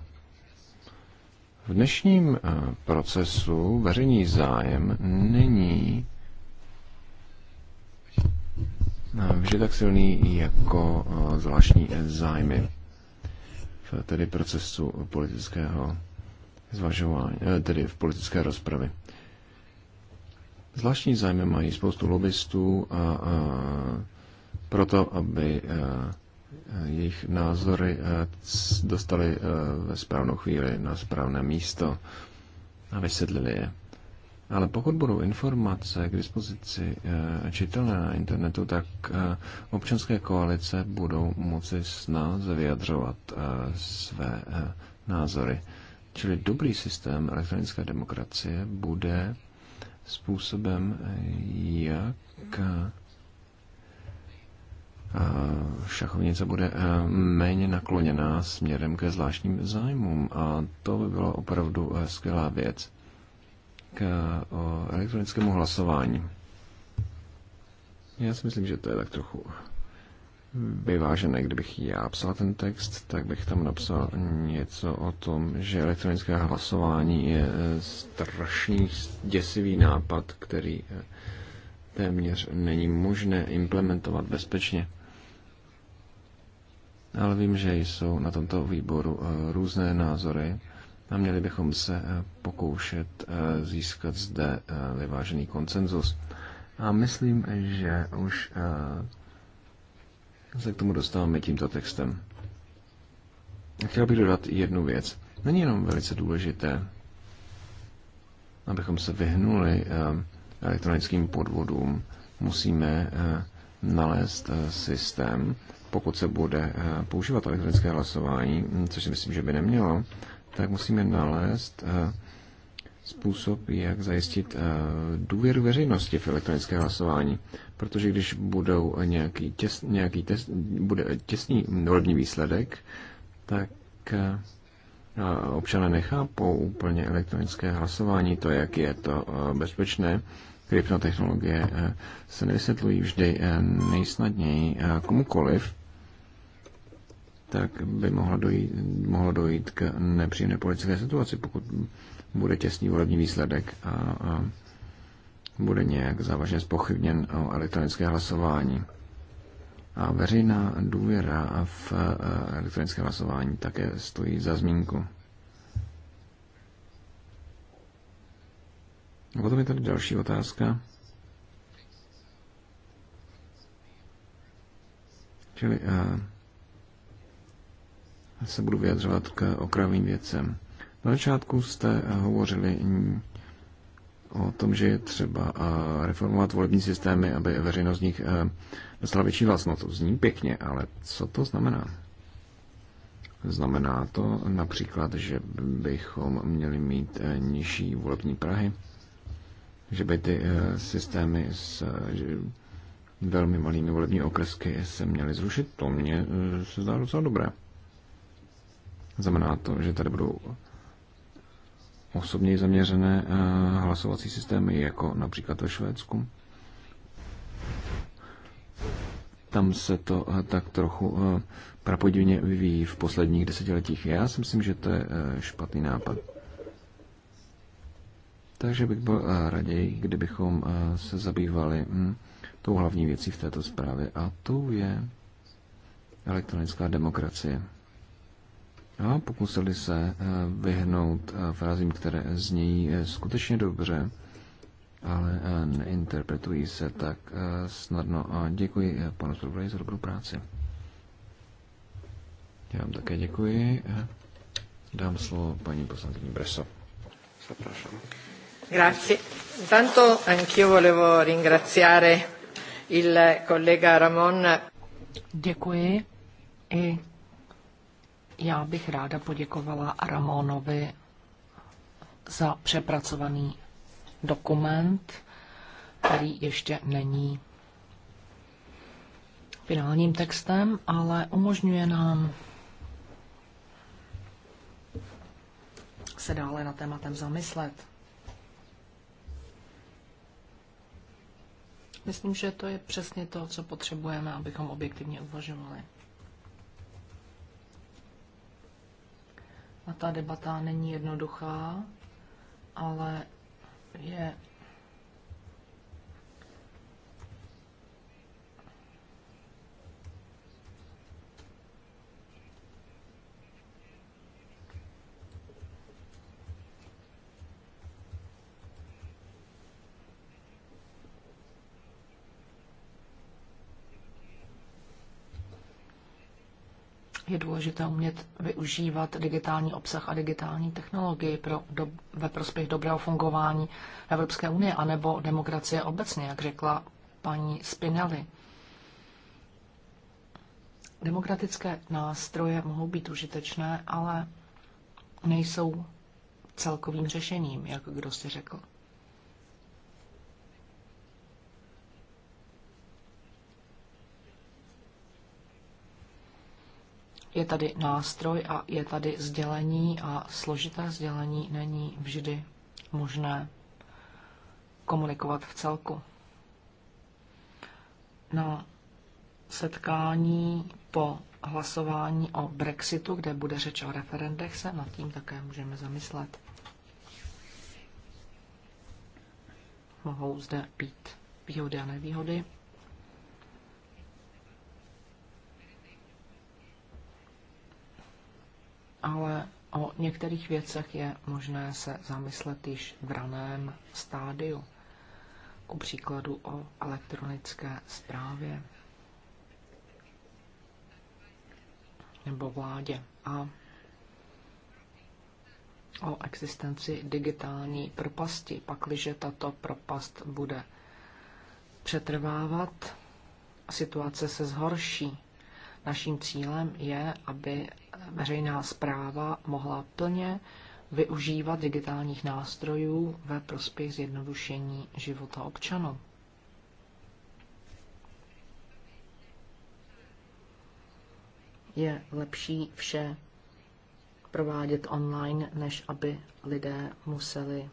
V dnešním procesu veřejný zájem není vždy tak silný jako zvláštní zájmy v tedy procesu politického zvažování, eh, tedy v politické rozpravy. Zvláštní zájmy mají spoustu lobbystů a, a proto, aby a, eh, jejich názory eh, dostali ve správnou chvíli na správné místo a vysvětlili je. Ale pokud budou informace k dispozici čitelné na internetu, tak občanské koalice budou moci snáze vyjadřovat své názory. Čili dobrý systém elektronické demokracie bude způsobem, jak eh, šachovnice bude eh, méně nakloněná směrem ke zvláštním zájmům. A to by byla opravdu eh, skvělá věc k elektronickému hlasování. Já si myslím, že to je tak trochu vyvážené. Kdybych já psal ten text, tak bych tam napsal něco o tom, že elektronické hlasování je eh, strašný, děsivý nápad, který eh, téměř není možné implementovat bezpečně. Ale vím, že jsou na tomto výboru eh, různé názory a měli bychom se pokoušet získat zde vyvážený konsenzus. A myslím, že už se k tomu dostáváme tímto textem. A chtěl bych dodat jednu věc. Není jenom velice důležité, abychom se vyhnuli eh, elektronickým podvodům, musíme eh, nalézt eh, systém, pokud se bude používat elektronické hlasování, což si myslím, že by nemělo, tak musíme nalézt způsob, jak zajistit eh, důvěru veřejnosti v elektronické hlasování. Protože když budou nějaký, těs, nějaký těs, bude těsný volební výsledek, tak eh, občané nechápou úplně elektronické hlasování, to, jak je to eh, bezpečné. Kryptotechnologie se nevysvětlují vždy nejsnadněji komukoliv, tak by mohlo dojít, mohlo dojít k nepříjemné politické situaci, pokud bude těsný volební výsledek a, a bude nějak závažně zpochybněn o elektronické hlasování. A veřejná důvěra v e, elektronické hlasování také stojí za zmínku. A potom je tady další otázka. Čili uh, se budu vyjadřovat k okravým věcem. Na začátku jste eh, hovořili o tom, že je třeba eh, reformovat volební systémy, aby veřejnost z nich eh, dostala větší vlastnost, to zní pěkně, ale co to znamená? Znamená to například, že bychom měli mít nižší volební Prahy, že by ty systémy s velmi malými volební okresky se měly zrušit. To mně se zdá docela dobré. Znamená to, že tady budou osobně zaměřené eh, hlasovací systémy, jako například ve Švédsku. Tam se to eh, tak trochu eh, prapodivně vyvíjí v posledních desetiletích. Já si myslím, že to je špatný nápad. Takže bych byl raději, kdybychom se zabývali hm, tou hlavní věcí v této zprávě a tou je elektronická demokracie a pokusili se eh, vyhnout eh, frázím, které znějí eh, skutečně dobře, ale neinterpretují se tak snadno. A děkuji panu Zdrobrej za dobrou práci. Já vám také děkuji. Dám slovo paní poslankyni Breso. Zapraszam. Grazie. Intanto anch'io volevo ringraziare il collega Ramon. Děkuji. I já bych ráda poděkovala Ramonovi za přepracovaný dokument, který ještě není finálním textem, ale umožňuje nám se dále na tématem zamyslet. Myslím, že to je přesně to, co potřebujeme, abychom objektivně uvažovali. A ta debata není jednoduchá, ale je je důležité umět využívat digitální obsah a digitální technologii pro do, ve prospěch dobrého fungování Evropské unie anebo demokracie obecně, jak řekla paní Spinelli. Demokratické nástroje mohou být užitečné, ale nejsou celkovým řešením, jak kdo si řekl. Je tady nástroj a je tady sdělení a složité sdělení není vždy možné komunikovat v celku. Na setkání po hlasování o Brexitu, kde bude řeč o referendech, se nad tím také můžeme zamyslet. Mohou zde být výhody a nevýhody. ale o některých věcech je možné se zamyslet již v raném stádiu. Ku příkladu o elektronické zprávě nebo vládě a o existenci digitální propasti. Pakliže tato propast bude přetrvávat, situace se zhorší. Naším cílem je, aby veřejná zpráva mohla plně využívat digitálních nástrojů ve prospěch zjednodušení života občanů. Je lepší vše provádět online, než aby lidé museli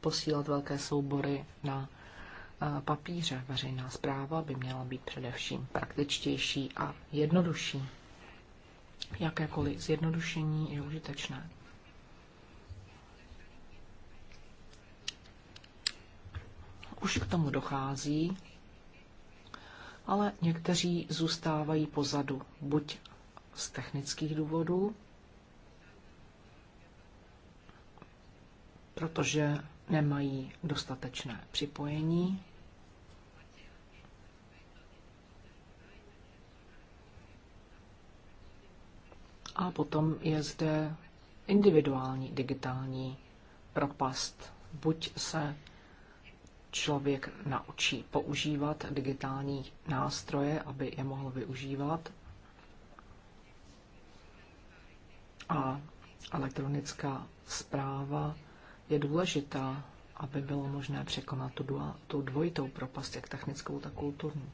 posílat velké soubory na eh, papíře. Veřejná zpráva by měla být především praktičtější a jednodušší. Jakékoliv zjednodušení je užitečné. Už k tomu dochází, ale někteří zůstávají pozadu, buď z technických důvodů, protože nemají dostatečné připojení a potom je zde individuální digitální propast. Buď se člověk naučí používat digitální nástroje, aby je mohl využívat, a elektronická zpráva je důležitá, aby bylo možné překonat tu, dvojitou propast, jak technickou, tak kulturní.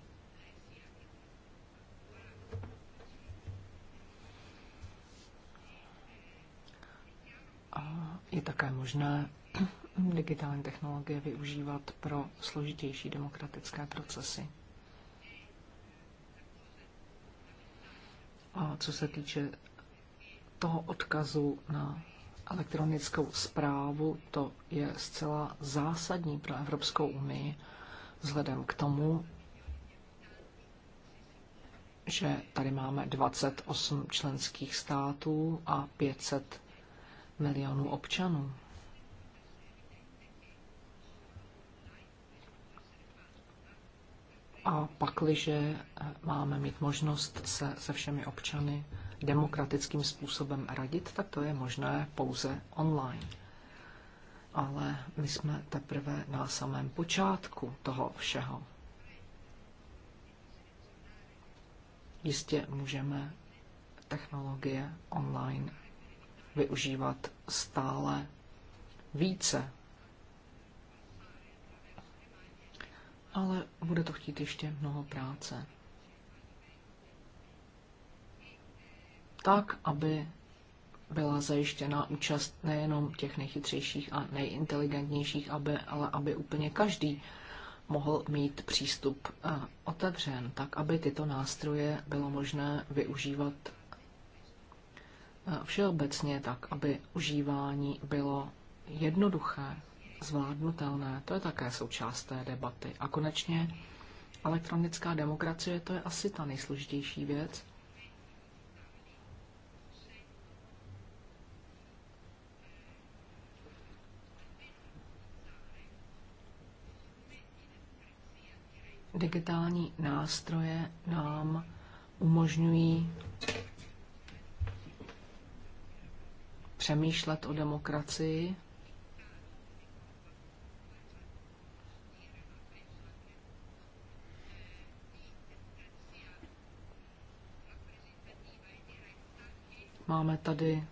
je také možné *clears throat* digitální technologie využívat pro složitější demokratické procesy. A co se týče toho odkazu na elektronickou zprávu, to je zcela zásadní pro Evropskou unii vzhledem k tomu, že tady máme 28 členských států a 500 milionů občanů. A pakliže eh, máme mít možnost se, se všemi občany demokratickým způsobem radit, tak to je možné pouze online. Ale my jsme teprve na samém počátku toho všeho. Jistě můžeme technologie online využívat stále více. Ale bude to chtít ještě mnoho práce. Tak, aby byla zajištěna účast nejenom těch nejchytřejších a nejinteligentnějších, aby, ale aby úplně každý mohl mít přístup eh, otevřen, tak aby tyto nástroje bylo možné využívat Eh, všeobecně tak, aby užívání bylo jednoduché, zvládnutelné. To je také součást té debaty. A konečně elektronická demokracie, to je asi ta nejsložitější věc. Digitální nástroje nám umožňují přemýšlet o demokracii. Máme tady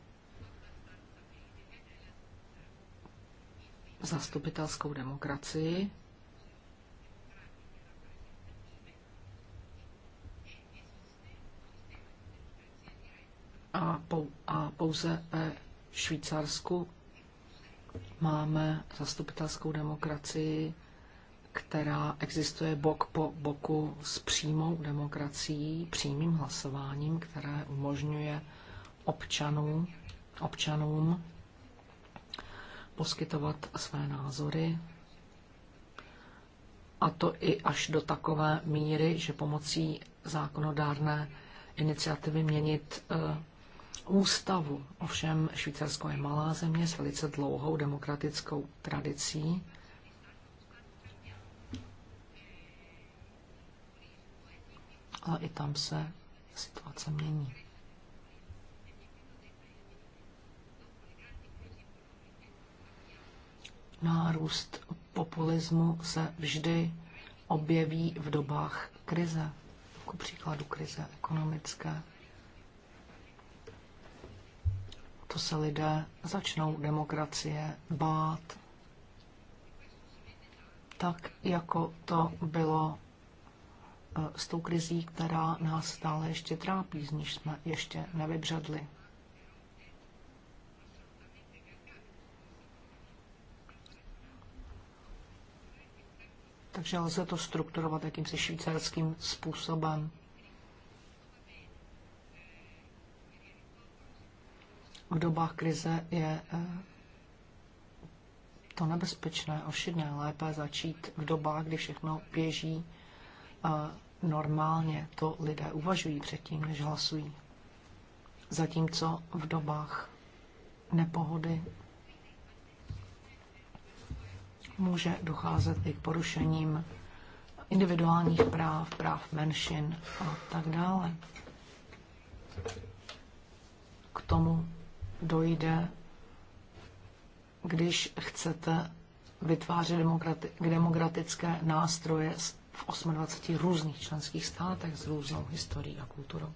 zastupitelskou demokracii. A, pou, a pouze eh, Švýcarsku máme zastupitelskou demokracii, která existuje bok po boku s přímou demokracií, přímým hlasováním, které umožňuje občanům, občanům poskytovat své názory. A to i až do takové míry, že pomocí zákonodárné iniciativy měnit eh, ústavu. Ovšem Švýcarsko je malá země s velice dlouhou demokratickou tradicí. Ale i tam se situace mění. Nárůst populismu se vždy objeví v dobách krize, jako příkladu krize ekonomické. to se lidé začnou demokracie bát, tak jako to bylo eh, s tou krizí, která nás stále ještě trápí, z níž jsme ještě nevybředli. Takže lze to strukturovat jakýmsi švýcarským způsobem. v dobách krize je eh, to nebezpečné, ošidné, lépe začít v dobách, kdy všechno běží eh, normálně. To lidé uvažují předtím, než hlasují. Zatímco v dobách nepohody může docházet i k porušením individuálních práv, práv menšin a tak dále. K tomu dojde, když chcete vytvářet demokrati- demokratické nástroje v 28 různých členských státech s různou historií a kulturou.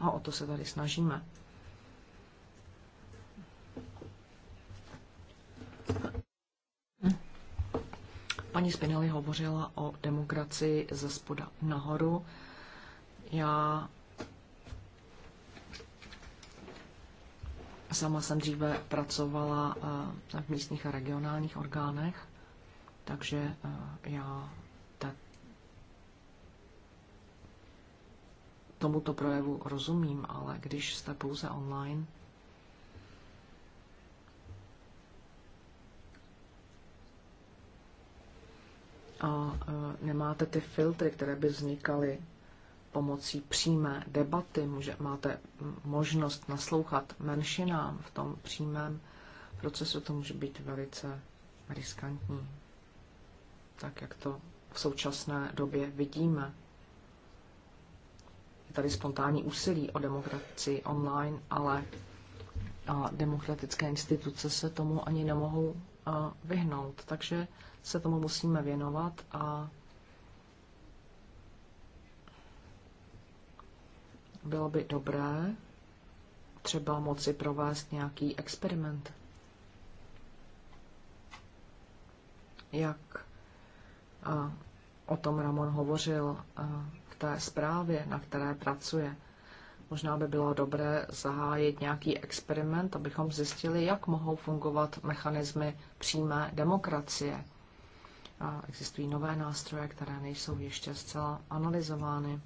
A o to se tady snažíme. Paní Spinelli hovořila o demokracii ze spoda nahoru. Já Sama jsem dříve pracovala eh, v místních a regionálních orgánech, takže eh, já ta... tomuto projevu rozumím, ale když jste pouze online, a eh, nemáte ty filtry, které by vznikaly pomocí přímé debaty. Může, máte možnost naslouchat menšinám v tom přímém procesu. To může být velice riskantní, tak jak to v současné době vidíme. Je tady spontánní úsilí o demokracii online, ale a demokratické instituce se tomu ani nemohou vyhnout. Takže se tomu musíme věnovat a Bylo by dobré třeba moci provést nějaký experiment. Jak a o tom Ramon hovořil v té zprávě, na které pracuje. Možná by bylo dobré zahájit nějaký experiment, abychom zjistili, jak mohou fungovat mechanismy přímé demokracie. A existují nové nástroje, které nejsou ještě zcela analyzovány.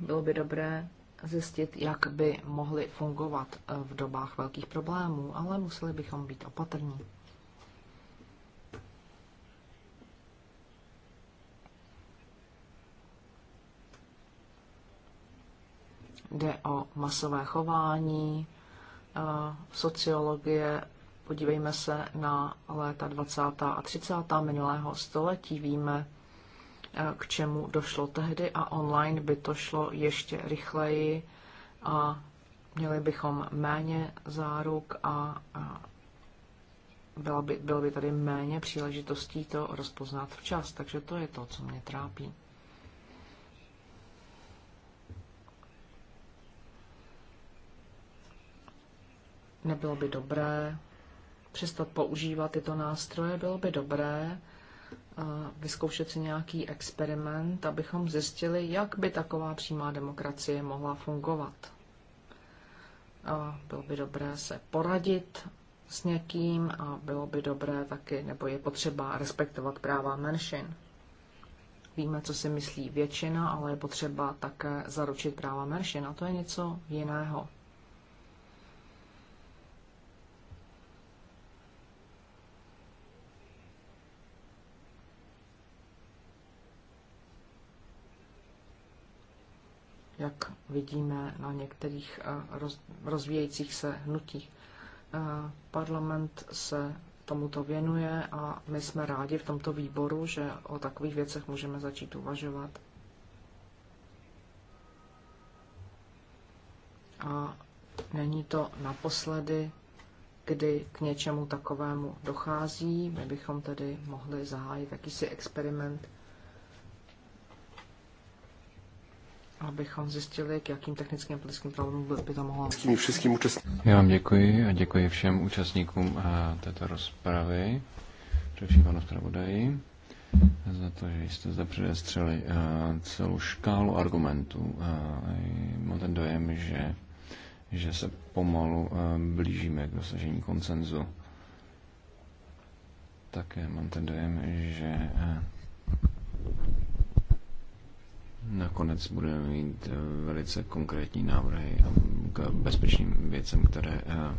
bylo by dobré zjistit, jak by mohly fungovat eh, v dobách velkých problémů, ale museli bychom být opatrní. Jde o masové chování, eh, sociologie, podívejme se na léta 20. a 30. minulého století. Víme, k čemu došlo tehdy a online by to šlo ještě rychleji a měli bychom méně záruk a, bylo by, bylo by tady méně příležitostí to rozpoznat včas. Takže to je to, co mě trápí. Nebylo by dobré přestat používat tyto nástroje, bylo by dobré vyzkoušet si nějaký experiment, abychom zjistili, jak by taková přímá demokracie mohla fungovat. A bylo by dobré se poradit s někým a bylo by dobré taky, nebo je potřeba respektovat práva menšin. Víme, co si myslí většina, ale je potřeba také zaručit práva menšin a to je něco jiného. jak vidíme na některých eh, rozvíjejících se hnutích. Eh, parlament se tomuto věnuje a my jsme rádi v tomto výboru, že o takových věcech můžeme začít uvažovat. A není to naposledy, kdy k něčemu takovému dochází. My bychom tedy mohli zahájit jakýsi experiment abychom zjistili, k jakým technickým politickým problémům by to mohlo. Všem Já vám děkuji a děkuji všem účastníkům eh, této rozpravy, především panu zpravodaji, za to, že jste zde předestřeli eh, celou škálu argumentů. Eh, mám ten dojem, že, že se pomalu blížíme k dosažení koncenzu. Také mám ten dojem, že Nakonec budeme mít eh, velice konkrétní návrhy eh, k bezpečným věcem, které eh,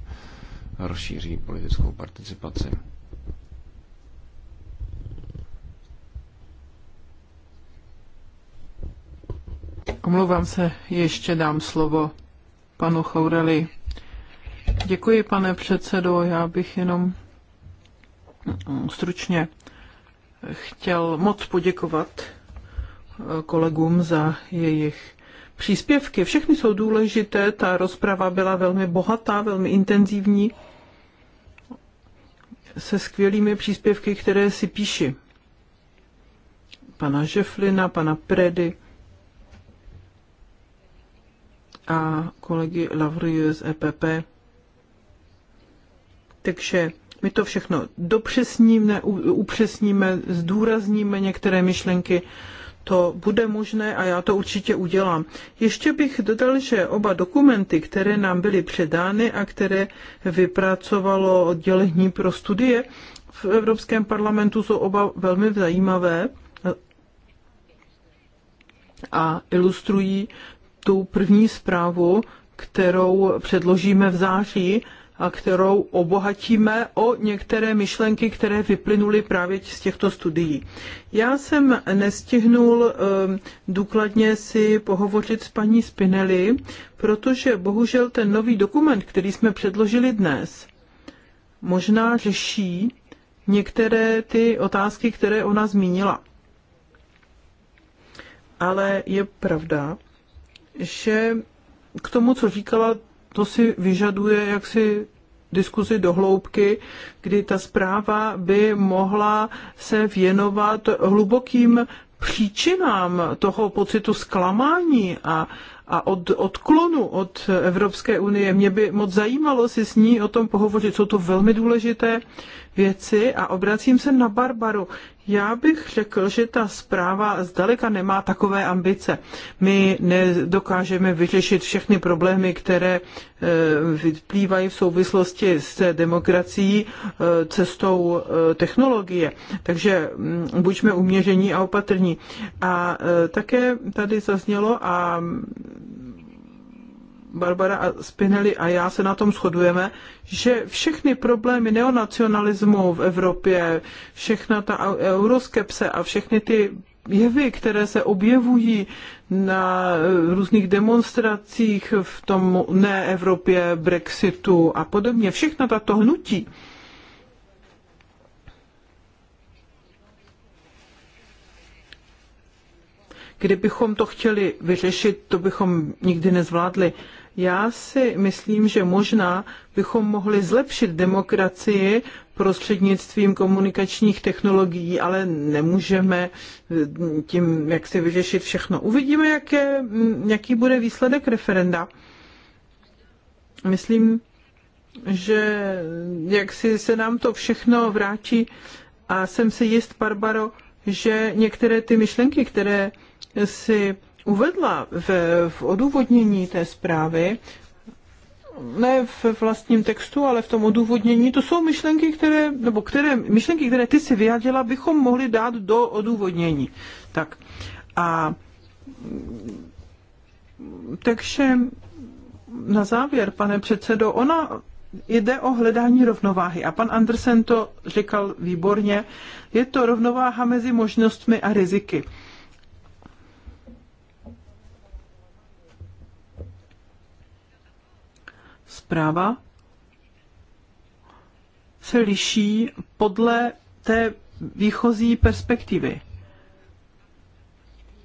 rozšíří politickou participaci. Omlouvám se, ještě dám slovo panu Choureli. Děkuji, pane předsedo. Já bych jenom mm, stručně chtěl moc poděkovat kolegům za jejich příspěvky. Všechny jsou důležité, ta rozprava byla velmi bohatá, velmi intenzivní, se skvělými příspěvky, které si píši. Pana Žeflina, pana Predy a kolegy Lavrie z EPP. Takže my to všechno dopřesníme, upřesníme, zdůrazníme některé myšlenky, to bude možné a já to určitě udělám. Ještě bych dodal, že oba dokumenty, které nám byly předány a které vypracovalo oddělení pro studie v Evropském parlamentu, jsou oba velmi zajímavé a ilustrují tu první zprávu, kterou předložíme v září a kterou obohatíme o některé myšlenky, které vyplynuly právě z těchto studií. Já jsem nestihnul ehm, důkladně si pohovořit s paní Spinelli, protože bohužel ten nový dokument, který jsme předložili dnes, možná řeší některé ty otázky, které ona zmínila. Ale je pravda, že k tomu, co říkala to si vyžaduje jaksi diskuzi do hloubky, kdy ta zpráva by mohla se věnovat hlubokým příčinám toho pocitu zklamání a, a od, odklonu od Evropské unie. Mě by moc zajímalo si s ní o tom pohovořit. Jsou to velmi důležité věci a obracím se na Barbaru. Já bych řekl, že ta zpráva zdaleka nemá takové ambice. My nedokážeme vyřešit všechny problémy, které e, vyplývají v souvislosti s demokracií e, cestou e, technologie. Takže mm, buďme uměření a opatrní. A také tady zaznělo a Barbara Spinelli a já se na tom shodujeme, že všechny problémy neonacionalismu v Evropě, všechna ta euroskepse a všechny ty jevy, které se objevují na různých demonstracích v tom ne Evropě, Brexitu a podobně, všechna tato hnutí, Kdybychom to chtěli vyřešit, to bychom nikdy nezvládli. Já si myslím, že možná bychom mohli zlepšit demokracii prostřednictvím komunikačních technologií, ale nemůžeme mm, tím, jak si vyřešit všechno. Uvidíme, jaké, mm, jaký bude výsledek referenda. Myslím, že jak si se nám to všechno vrátí a jsem si jist, Barbaro, že některé ty myšlenky, které si uvedla v, v odůvodnění té zprávy, ne v vlastním textu, ale v tom odůvodnění, to jsou myšlenky, které, nebo které, myšlenky, které ty si vyjádřila, bychom mohli dát do odůvodnění. Tak. A takže na závěr, pane předsedo, ona jde o hledání rovnováhy. A pan Andersen to říkal výborně. Je to rovnováha mezi možnostmi a riziky. zpráva se liší podle té výchozí perspektivy.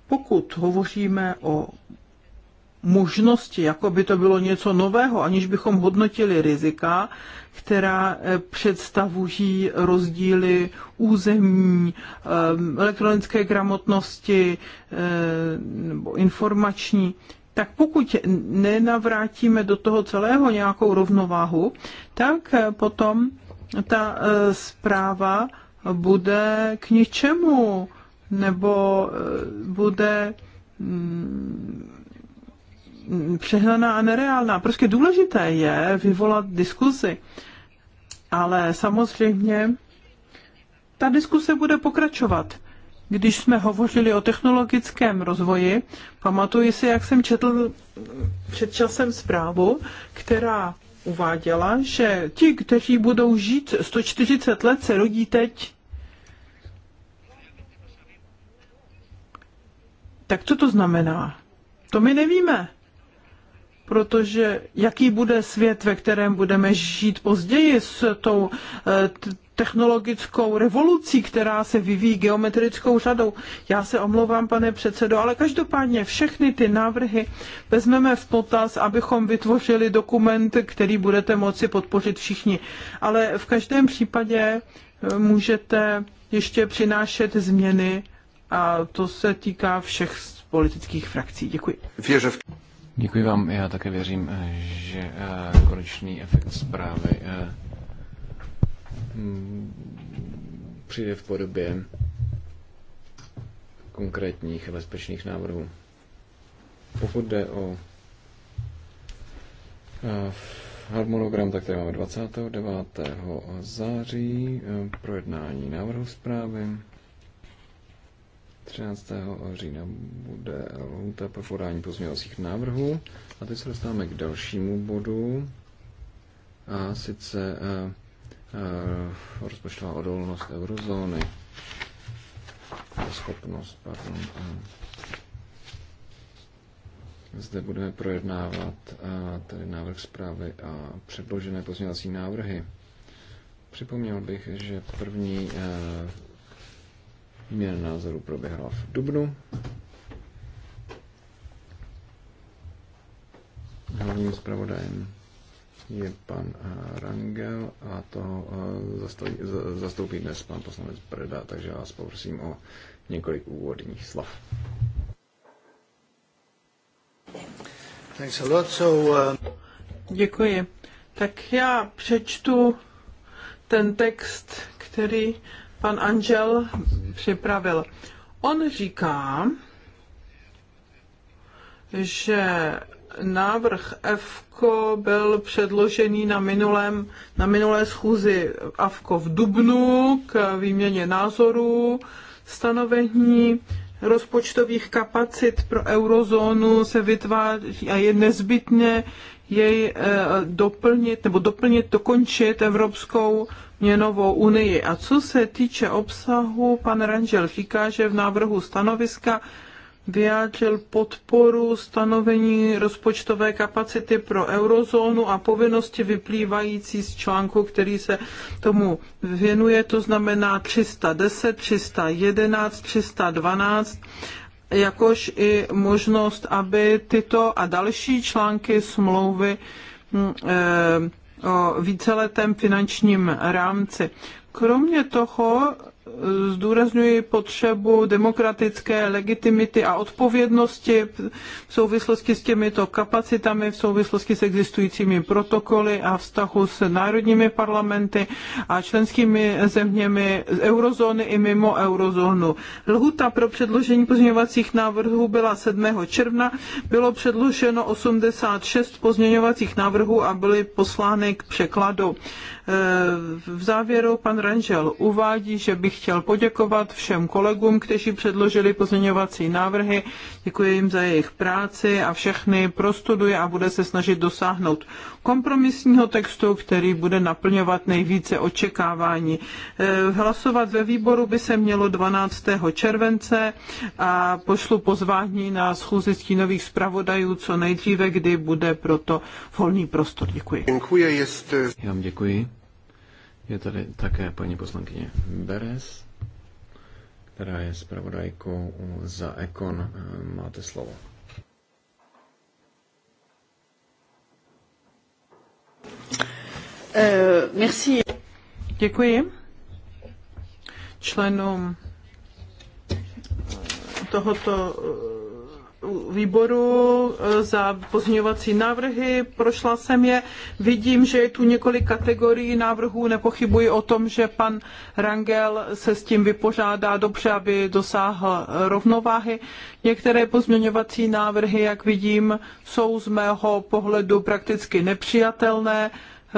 Pokud hovoříme o možnosti, jako by to bylo něco nového, aniž bychom hodnotili rizika, která eh, představují rozdíly územní, eh, elektronické gramotnosti eh, nebo informační, tak pokud nenavrátíme do toho celého nějakou rovnováhu, tak eh, potom ta eh, zpráva bude k ničemu, nebo eh, bude mm, přehnaná a nereálná. Prostě důležité je vyvolat diskuzi, ale samozřejmě ta diskuse bude pokračovat když jsme hovořili o technologickém rozvoji, pamatuji si, jak jsem četl před časem zprávu, která uváděla, že ti, kteří budou žít 140 let, se rodí teď. Tak co to znamená? To my nevíme protože jaký bude svět, ve kterém budeme žít později s tou eh, technologickou revolucí, která se vyvíjí geometrickou řadou. Já se omlouvám, pane předsedo, ale každopádně všechny ty návrhy vezmeme v potaz, abychom vytvořili dokument, který budete moci podpořit všichni. Ale v každém případě eh, můžete ještě přinášet změny a to se týká všech politických frakcí. Děkuji. Věřev. Děkuji vám. Já také věřím, eh, že eh, konečný efekt zprávy Mm, přijde v podobě konkrétních a bezpečných návrhů. Pokud jde o eh, harmonogram, tak tady máme 29. září eh, projednání návrhu zprávy. 13. října bude lhůta pro podání pozměňovacích návrhů. A teď se dostáváme k dalšímu bodu. A sice eh, Eh, rozpočtová odolnost eurozóny, schopnost, pardon. Eh, zde budeme projednávat eh, tady návrh zprávy a předložené pozměňovací návrhy. Připomněl bych, že první výměna názoru proběhla v Dubnu. Hlavním zpravodajem je pan eh, Rangel a to eh, zastoupí, zastoupí dnes pan poslanec Breda, takže vás poprosím o několik úvodních slov. Thanks a lot. Eh, Děkuji. Tak já přečtu ten text, který pan Angel připravil. On říká, že návrh EFKO byl předložený na, minulém, na minulé schůzi AFKO v Dubnu k výměně názorů, stanovení rozpočtových kapacit pro eurozónu se vytváří a je nezbytně jej eh, doplnit nebo doplnit, dokončit Evropskou měnovou unii. A co se týče obsahu, pan Rangel říká, že v návrhu stanoviska vyjádřil podporu stanovení rozpočtové kapacity pro eurozónu a povinnosti vyplývající z článku, který se tomu věnuje, to znamená 310, 311, 312 jakož i možnost, aby tyto a další články smlouvy mm, eh, o víceletém finančním rámci. Kromě toho zdůrazňuji potřebu demokratické legitimity a odpovědnosti v souvislosti s těmito kapacitami, v souvislosti s existujícími protokoly a vztahu s národními parlamenty a členskými zeměmi z eurozóny i mimo eurozónu. Lhuta pro předložení pozměňovacích návrhů byla 7. června, bylo předloženo 86 pozměňovacích návrhů a byly poslány k překladu. E, v závěru pan Rangel uvádí, že bych bych chtěl poděkovat všem kolegům, kteří předložili pozměňovací návrhy. Děkuji jim za jejich práci a všechny prostuduje a bude se snažit dosáhnout kompromisního textu, který bude naplňovat nejvíce očekávání. Eh, hlasovat ve výboru by se mělo 12. července a pošlu pozvání na schůzi stínových zpravodajů co nejdříve, kdy bude proto volný prostor. Děkuji. Děkuji, Já vám děkuji. Je tady také paní poslankyně Beres, která je zpravodajkou za Ekon. Máte slovo. Uh, merci. Děkuji členům tohoto výboru e, za pozměňovací návrhy, prošla jsem je. Vidím, že je tu několik kategorií návrhů, nepochybuji o tom, že pan Rangel se s tím vypořádá dobře, aby dosáhl rovnováhy. Některé pozměňovací návrhy, jak vidím, jsou z mého pohledu prakticky nepřijatelné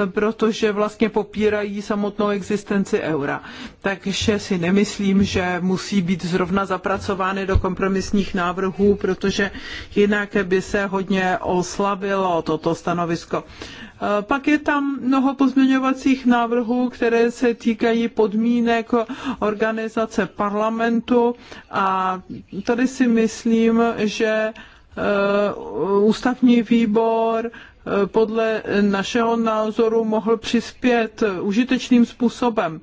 protože vlastně popírají samotnou existenci eura. Takže si nemyslím, že musí být zrovna zapracovány do kompromisních návrhů, protože jinak by se hodně oslabilo toto stanovisko. E, pak je tam mnoho pozměňovacích návrhů, které se týkají podmínek organizace parlamentu a tady si myslím, že e, ústavní výbor Eh, podle našeho názoru mohl přispět užitečným způsobem.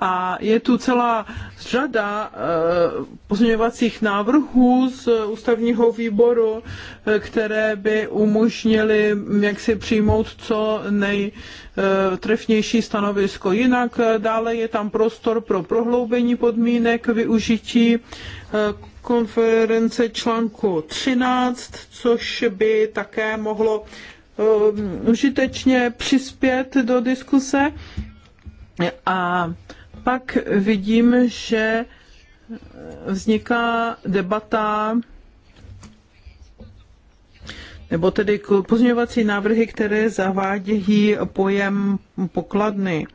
A je tu celá řada eh, pozměňovacích návrhů z ústavního výboru, eh, které by umožnily jak si přijmout co nejtrefnější stanovisko. Jinak dále je tam prostor pro prohloubení podmínek využití konference článku 13, což by také mohlo Um, užitečně přispět do diskuse. A pak vidím, že vzniká debata nebo tedy pozměňovací návrhy, které zavádějí pojem pokladny.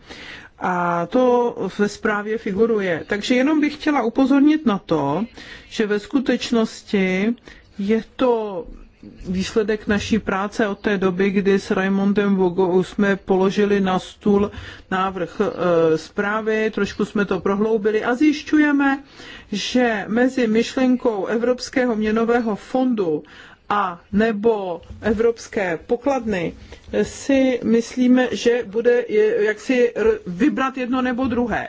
A to ve zprávě figuruje. Takže jenom bych chtěla upozornit na to, že ve skutečnosti je to výsledek naší práce od té doby, kdy s Raimondem Vogou jsme položili na stůl návrh e, zprávy, trošku jsme to prohloubili a zjišťujeme, že mezi myšlenkou Evropského měnového fondu a nebo evropské pokladny si myslíme, že bude jaksi vybrat jedno nebo druhé.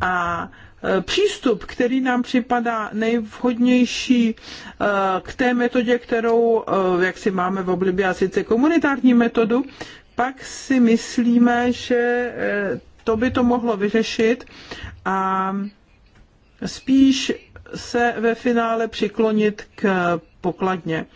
A Eh, přístup, který nám připadá nejvhodnější eh, k té metodě, kterou eh, jak si máme v oblibě a sice komunitární metodu, pak si myslíme, že to by to mohlo vyřešit a spíš se ve finále přiklonit k pokladně.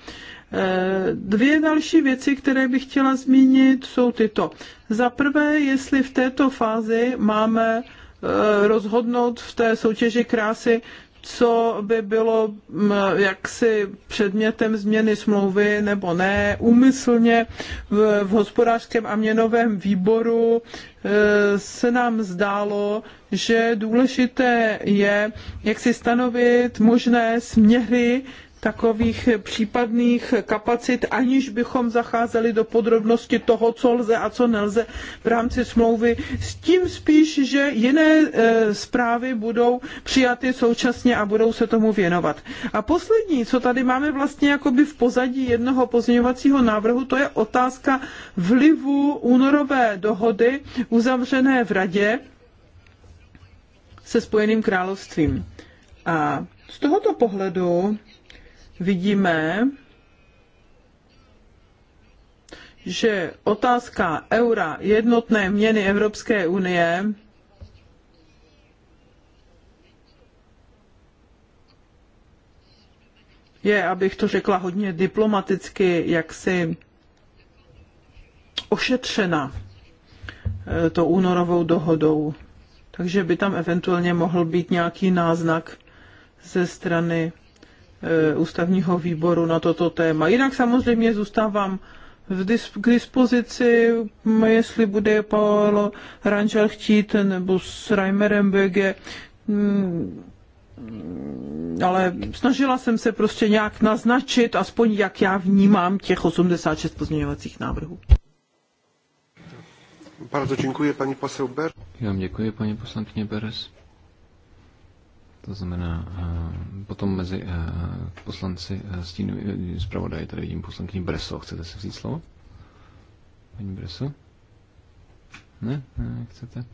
Dvě další věci, které bych chtěla zmínit, jsou tyto. Za prvé, jestli v této fázi máme Eh, rozhodnout v té soutěži krásy, co by bylo mm, jaksi předmětem změny smlouvy nebo ne, úmyslně v, v hospodářském a měnovém výboru eh, se nám zdálo, že důležité je, jak si stanovit možné směry takových případných kapacit, aniž bychom zacházeli do podrobnosti toho, co lze a co nelze v rámci smlouvy. S tím spíš, že jiné e, zprávy budou přijaty současně a budou se tomu věnovat. A poslední, co tady máme vlastně jakoby v pozadí jednoho pozměňovacího návrhu, to je otázka vlivu únorové dohody uzavřené v radě se Spojeným královstvím. A z tohoto pohledu vidíme, že otázka eura jednotné měny Evropské unie je, abych to řekla hodně diplomaticky, jaksi ošetřena eh, to únorovou dohodou. Takže by tam eventuálně mohl být nějaký náznak ze strany Eh, ústavního výboru na toto téma. Jinak samozřejmě zůstávám v dis- k dispozici, jestli bude Paolo Rangel chtít, nebo s Reimerem BG, mm, ale snažila jsem se prostě nějak naznačit, aspoň jak já vnímám těch 86 pozměňovacích návrhů. Bardzo dziękuję pani poseł Ber. Ja vám děkuji, paní poslankyně Beres. To znamená, eh, potom mezi eh, poslanci eh, stínu zpravodaje, tady vidím poslankyni Breso, chcete si vzít slovo? Paní Breso? Ne? ne chcete?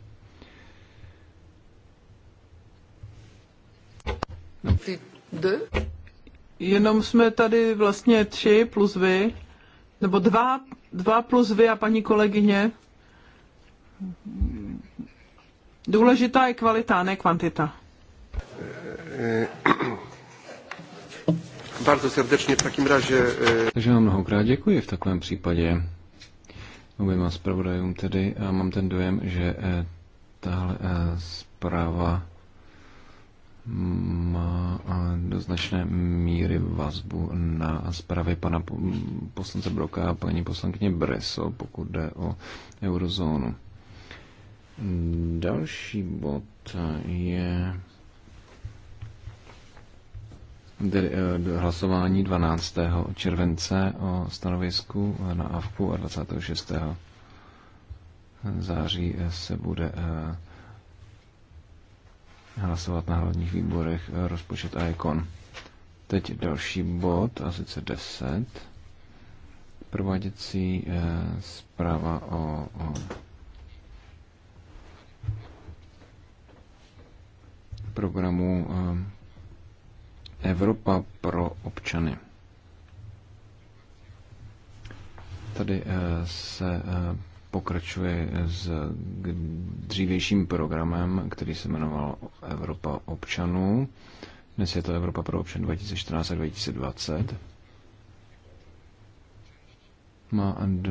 No. Ty d? Jenom jsme tady vlastně tři plus vy, nebo dva, dva plus vy a paní kolegyně. Důležitá je kvalita, ne kvantita. E, e, bardzo serdecznie v takém razie. E, Takže vám mnohokrát děkuji v takovém případě oběma zpravodajům tedy a mám ten dojem, že tahle zpráva má do značné míry vazbu na zprávy pana poslance Broka a paní poslankyně Breso, pokud jde o eurozónu. Další bod je Eh, hlasování 12. července o stanovisku na AVKu a 26. září eh, se bude eh, hlasovat na hlavních výborech rozpočet a ekon. Teď další bod, a sice 10. Prováděcí zpráva o, o programu Evropa pro občany. Tady eh, se eh, pokračuje s dřívějším programem, který se jmenoval Evropa občanů. Dnes je to Evropa pro občan 2014 a 2020. Má dv,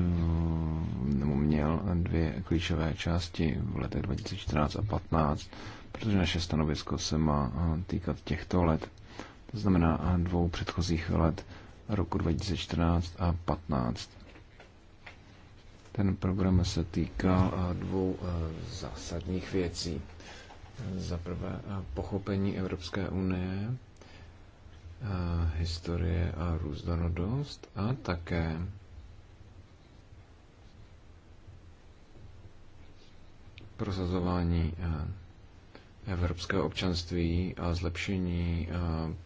nebo měl dvě klíčové části v letech 2014 a 2015, protože naše stanovisko se má eh, týkat těchto let to znamená dvou předchozích let roku 2014 a 2015. Ten program se týkal eh, dvou eh, zásadních věcí. Za prvé eh, pochopení Evropské unie, historie a různorodost a také prosazování evropského občanství a zlepšení eh,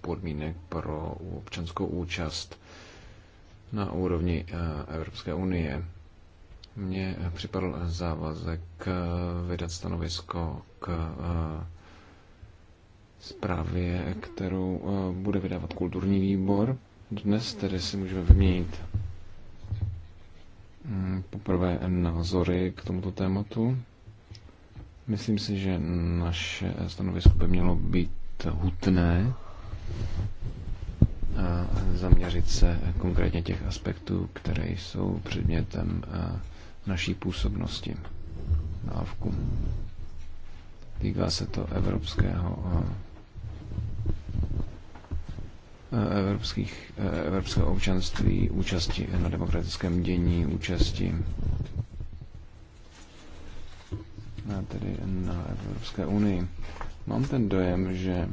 podmínek pro občanskou účast na úrovni eh, Evropské unie. Mně připadl závazek eh, vydat stanovisko k zprávě, kterou bude vydávat kulturní výbor. Dnes tedy si můžeme vyměnit mm, poprvé názory k tomuto tématu. Myslím si, že naše stanovisko by mělo být hutné a zaměřit se konkrétně těch aspektů, které jsou předmětem naší působnosti návku. Týká se to evropského evropských, evropského občanství, účasti na demokratickém dění, účasti tedy na Evropské unii. Mám ten dojem, že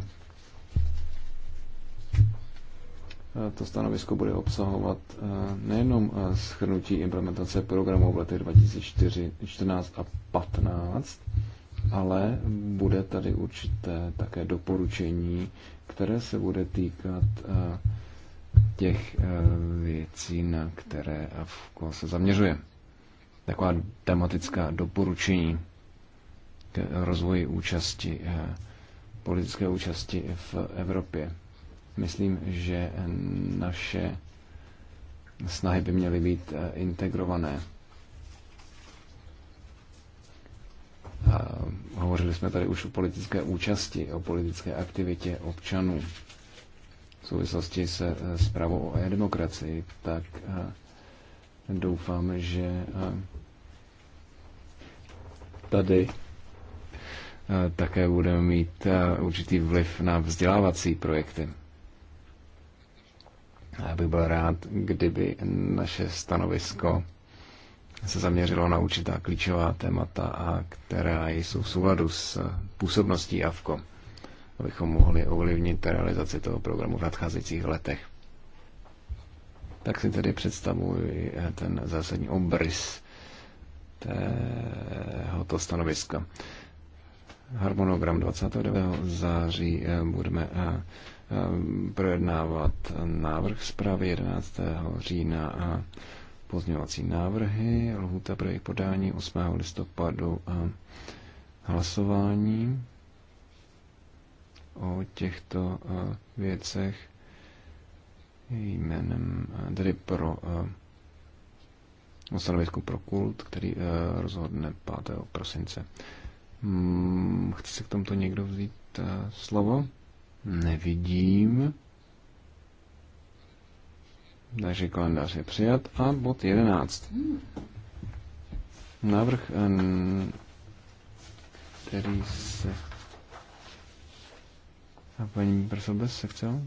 to stanovisko bude obsahovat eh, nejenom eh, schrnutí implementace programů v letech 2014 a 2015, ale bude tady určité také doporučení, které se bude týkat eh, těch věcí, na které se zaměřuje. Taková tematická doporučení k rozvoji účasti, eh, politické účasti v Evropě. Myslím, že naše snahy by měly být eh, integrované. A hovořili jsme tady už o politické účasti, o politické aktivitě občanů v souvislosti se eh, zprávou o e-demokracii, tak doufám, že tady také budeme mít určitý vliv na vzdělávací projekty. Já bych byl rád, kdyby naše stanovisko se zaměřilo na určitá klíčová témata, a která jsou v souladu s působností AVKO, abychom mohli ovlivnit realizaci toho programu v nadcházejících letech. Tak si tedy představuji eh, ten zásadní obrys tohoto stanoviska harmonogram 29. září eh, budeme eh, eh, projednávat návrh zprávy 11. října a pozměňovací návrhy, lhůta pro jejich podání 8. listopadu a hlasování o těchto věcech jménem, tedy pro o stanovisku pro kult, který rozhodne 5. prosince. Hmm, Chce se k tomuto někdo vzít uh, slovo? Nevidím. Takže kalendář je přijat. A bod 11. Návrh, eh, který se... A paní Brsobes se chtěl?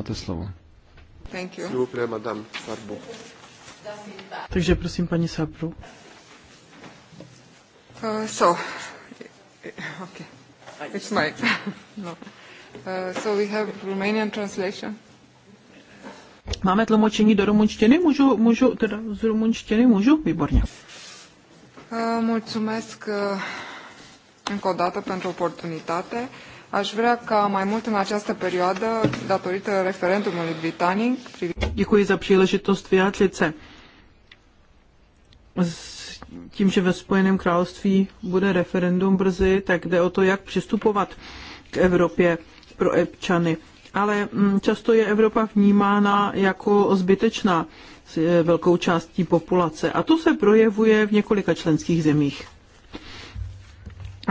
máte slovo. Thank you. Takže prosím, paní Sabru. Uh, so, *laughs* okay. It's my, *laughs* no. Uh, so we have Romanian translation. Máme tlumočení do rumunštiny? Můžu, můžu, teda z rumunštiny můžu? Výborně. Uh, mulțumesc uh, încă o dată pentru oportunitate. Uh, Aș vrea ca mai mult în această perioadă, datorită referendumului britanic... Děkuji za příležitost vyjádřit se. S tím, že ve Spojeném království bude referendum brzy, tak jde o to, jak přistupovat k Evropě pro občany. Ale mm, často je Evropa vnímána jako zbytečná s e, velkou částí populace. A to se projevuje v několika členských zemích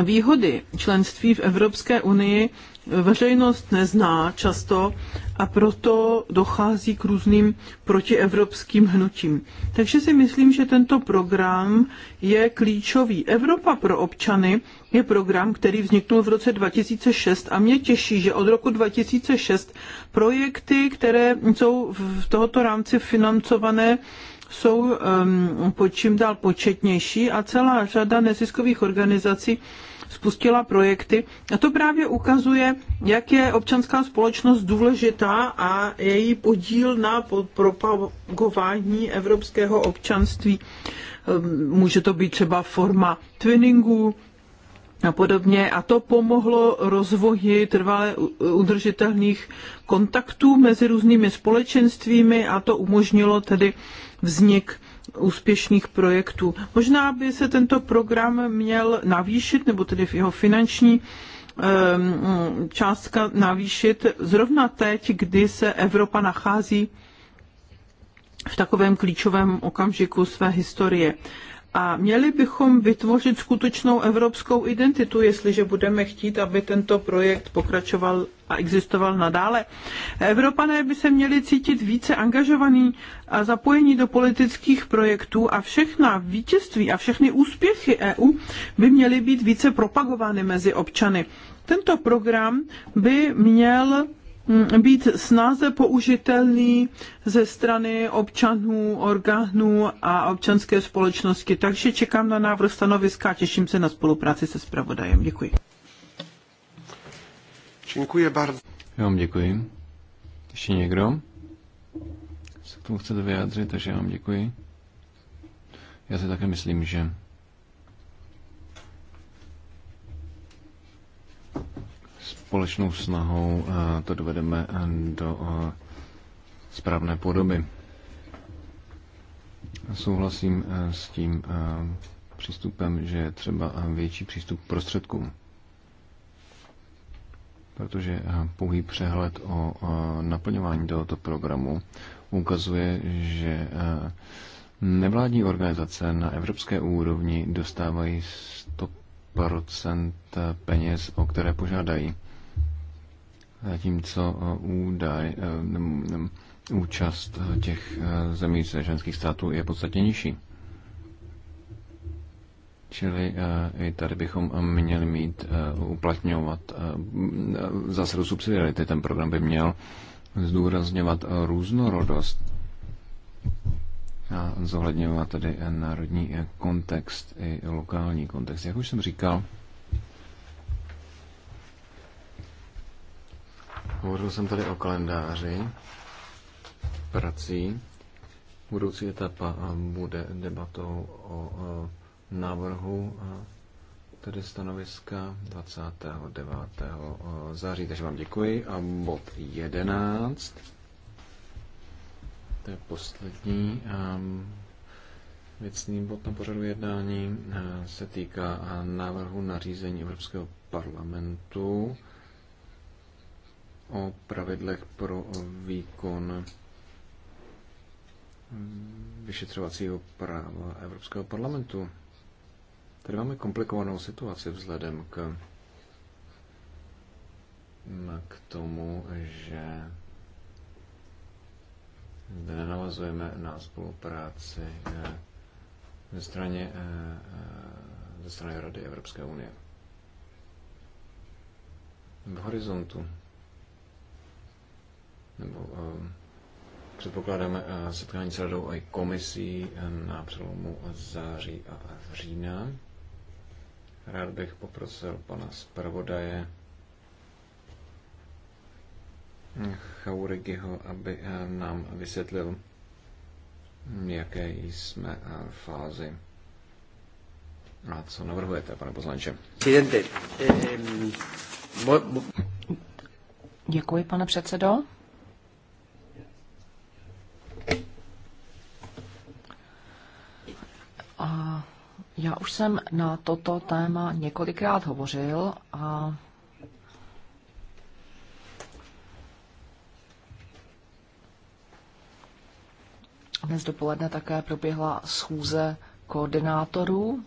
výhody členství v Evropské unii veřejnost nezná často a proto dochází k různým protievropským hnutím. Takže si myslím, že tento program je klíčový. Evropa pro občany je program, který vzniknul v roce 2006 a mě těší, že od roku 2006 projekty, které jsou v tohoto rámci financované, jsou um, ehm, počím dál početnější a celá řada neziskových organizací spustila projekty. A to právě ukazuje, jak je občanská společnost důležitá a její podíl na propagování evropského občanství. Ehm, může to být třeba forma twinningu, a podobně. A to pomohlo rozvoji trvale udržitelných kontaktů mezi různými společenstvími a to umožnilo tedy vznik úspěšných projektů. Možná by se tento program měl navýšit, nebo tedy jeho finanční ehm, částka navýšit zrovna teď, kdy se Evropa nachází v takovém klíčovém okamžiku své historie. A měli bychom vytvořit skutečnou evropskou identitu, jestliže budeme chtít, aby tento projekt pokračoval a existoval nadále. Evropané by se měli cítit více angažovaní a zapojení do politických projektů a všechna vítězství a všechny úspěchy EU by měly být více propagovány mezi občany. Tento program by měl Mm, být snáze použitelný ze strany občanů, orgánů a občanské společnosti. Takže čekám na návrh stanoviska a těším se na spolupráci se zpravodajem. Děkuji. Děkuji bardzo. Já vám děkuji. Ještě někdo se k tomu chcete vyjádřit, takže já vám děkuji. Já si také myslím, že společnou snahou eh, to dovedeme eh, do eh, správné podoby. Souhlasím s tím přístupem, že je třeba větší přístup k prostředkům. Protože pouhý přehled o naplňování tohoto programu ukazuje, že nevládní organizace na evropské úrovni dostávají 100% peněz, o které požádají. Zatímco eh, údaj, eh, účast eh, těch zemí ze ženských států je podstatně nižší. Čili i tady bychom měli mít uplatňovat zásadu subsidiarity. Ten program by měl zdůrazňovat různorodost a zohledňovat tedy národní kontext i lokální kontext. Jak už jsem říkal, Hovořil jsem tady o kalendáři prací. Budoucí etapa bude debatou o návrhu tedy stanoviska 29. E, září. Takže vám děkuji. A bod 11. To je poslední věcný bod na pořadu jednání. Se týká návrhu nařízení Evropského parlamentu o pravidlech pro výkon vyšetřovacího práva Evropského parlamentu. Tady máme komplikovanou situaci vzhledem k, k tomu, že zde nenavazujeme na spolupráci eh, ze strany, eh, eh, ze strany Rady Evropské unie. V horizontu nebo eh, předpokládáme eh, setkání s radou i komisí eh, na přelomu září a října. Rád bych poprosil pana zpravodaje Chauregiho, aby nám vysvětlil, jaké jsme fázi. A co navrhujete, pane poslanče? Děkuji, pane předsedo. A já už jsem na toto téma několikrát hovořil a dnes dopoledne také proběhla schůze koordinátorů.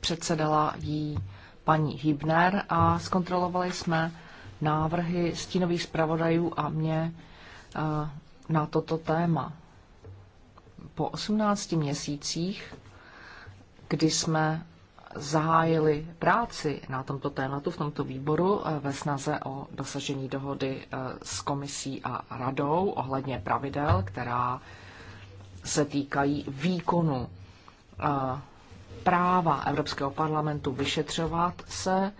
Předsedala jí paní Hibner a zkontrolovali jsme návrhy stínových zpravodajů a mě eh, na toto téma. Po 18 měsících kdy jsme zahájili práci na tomto tématu v tomto výboru eh, ve snaze o dosažení dohody eh, s komisí a radou ohledně pravidel, která se týkají výkonu eh, práva Evropského parlamentu vyšetřovat se,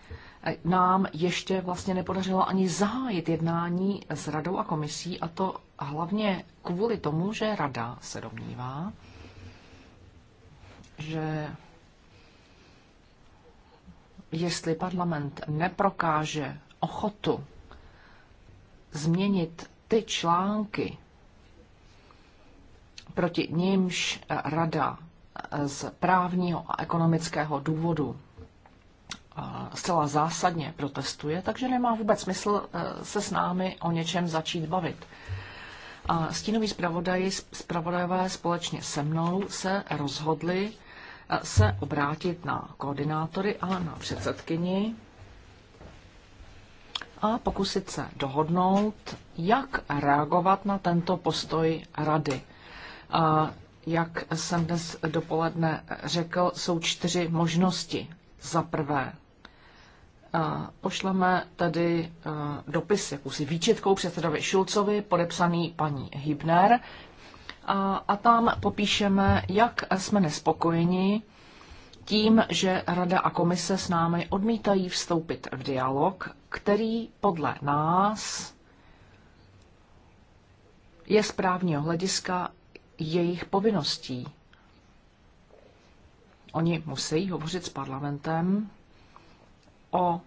nám ještě vlastně nepodařilo ani zahájit jednání s radou a komisí, a to hlavně kvůli tomu, že rada se domnívá, že jestli parlament neprokáže ochotu změnit ty články, proti nímž rada z právního a ekonomického důvodu eh, zcela zásadně protestuje, takže nemá vůbec smysl eh, se s námi o něčem začít bavit. A stínoví zpravodaj, zpravodajové společně se mnou se rozhodli se obrátit na koordinátory a na předsedkyni a pokusit se dohodnout, jak reagovat na tento postoj rady. A jak jsem dnes dopoledne řekl, jsou čtyři možnosti. Za prvé, pošleme tedy dopis jakousi výčitkou předsedovi Šulcovi, podepsaný paní Hybner, a, a tam popíšeme, jak jsme nespokojeni tím, že Rada a Komise s námi odmítají vstoupit v dialog, který podle nás je z právního hlediska jejich povinností. Oni musí hovořit s parlamentem o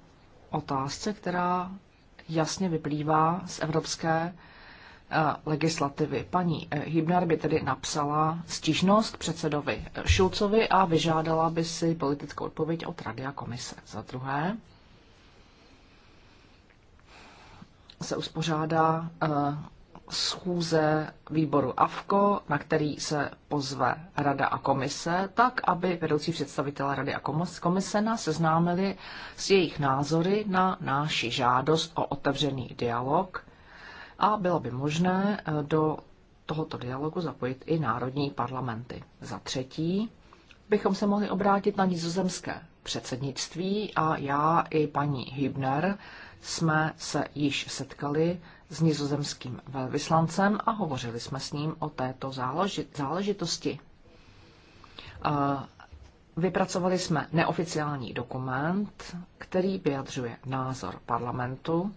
otázce, která jasně vyplývá z evropské legislativy. Paní e, Hibner by tedy napsala stížnost předsedovi e, Šulcovi a vyžádala by si politickou odpověď od Rady a komise. Za druhé se uspořádá e, schůze výboru AFKO, na který se pozve Rada a komise, tak, aby vedoucí představitelé Rady a komise nás seznámili s jejich názory na náši žádost o otevřený dialog – a bylo by možné eh, do tohoto dialogu zapojit i národní parlamenty. Za třetí bychom se mohli obrátit na nizozemské předsednictví a já i paní Hübner jsme se již setkali s nizozemským velvyslancem a hovořili jsme s ním o této záležitosti. Eh, vypracovali jsme neoficiální dokument, který vyjadřuje názor parlamentu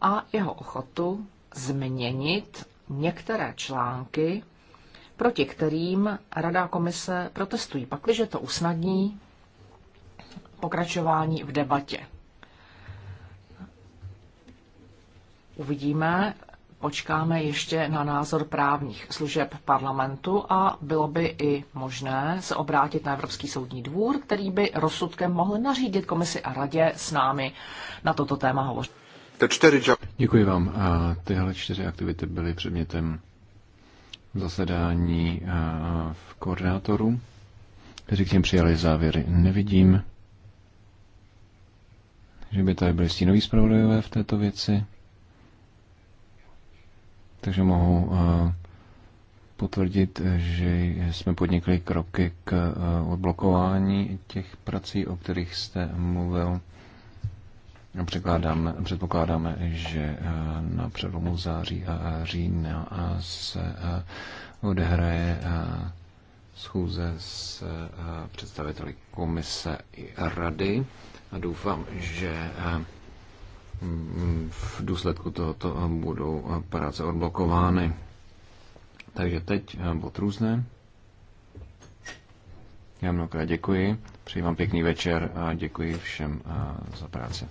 a jeho ochotu změnit některé články, proti kterým Rada komise protestují, pakliže to usnadní pokračování v debatě. Uvidíme, počkáme ještě na názor právních služeb parlamentu a bylo by i možné se obrátit na Evropský soudní dvůr, který by rozsudkem mohl nařídit komisi a radě s námi na toto téma hovořit. Te čtyři... Děkuji vám. A tyhle čtyři aktivity byly předmětem zasedání v koordinátoru, kteří k těm přijali závěry. Nevidím, že by tady byli stínoví zpravodajové v této věci, takže mohu potvrdit, že jsme podnikli kroky k odblokování těch prací, o kterých jste mluvil předpokládáme, že eh, na přelomu září a října eh, se eh, odehraje schůze s představiteli komise i rady a doufám, že v důsledku tohoto budou práce odblokovány. Takže teď bod různé. Já mnohokrát děkuji. Přeji vám pěkný večer a děkuji všem za práci.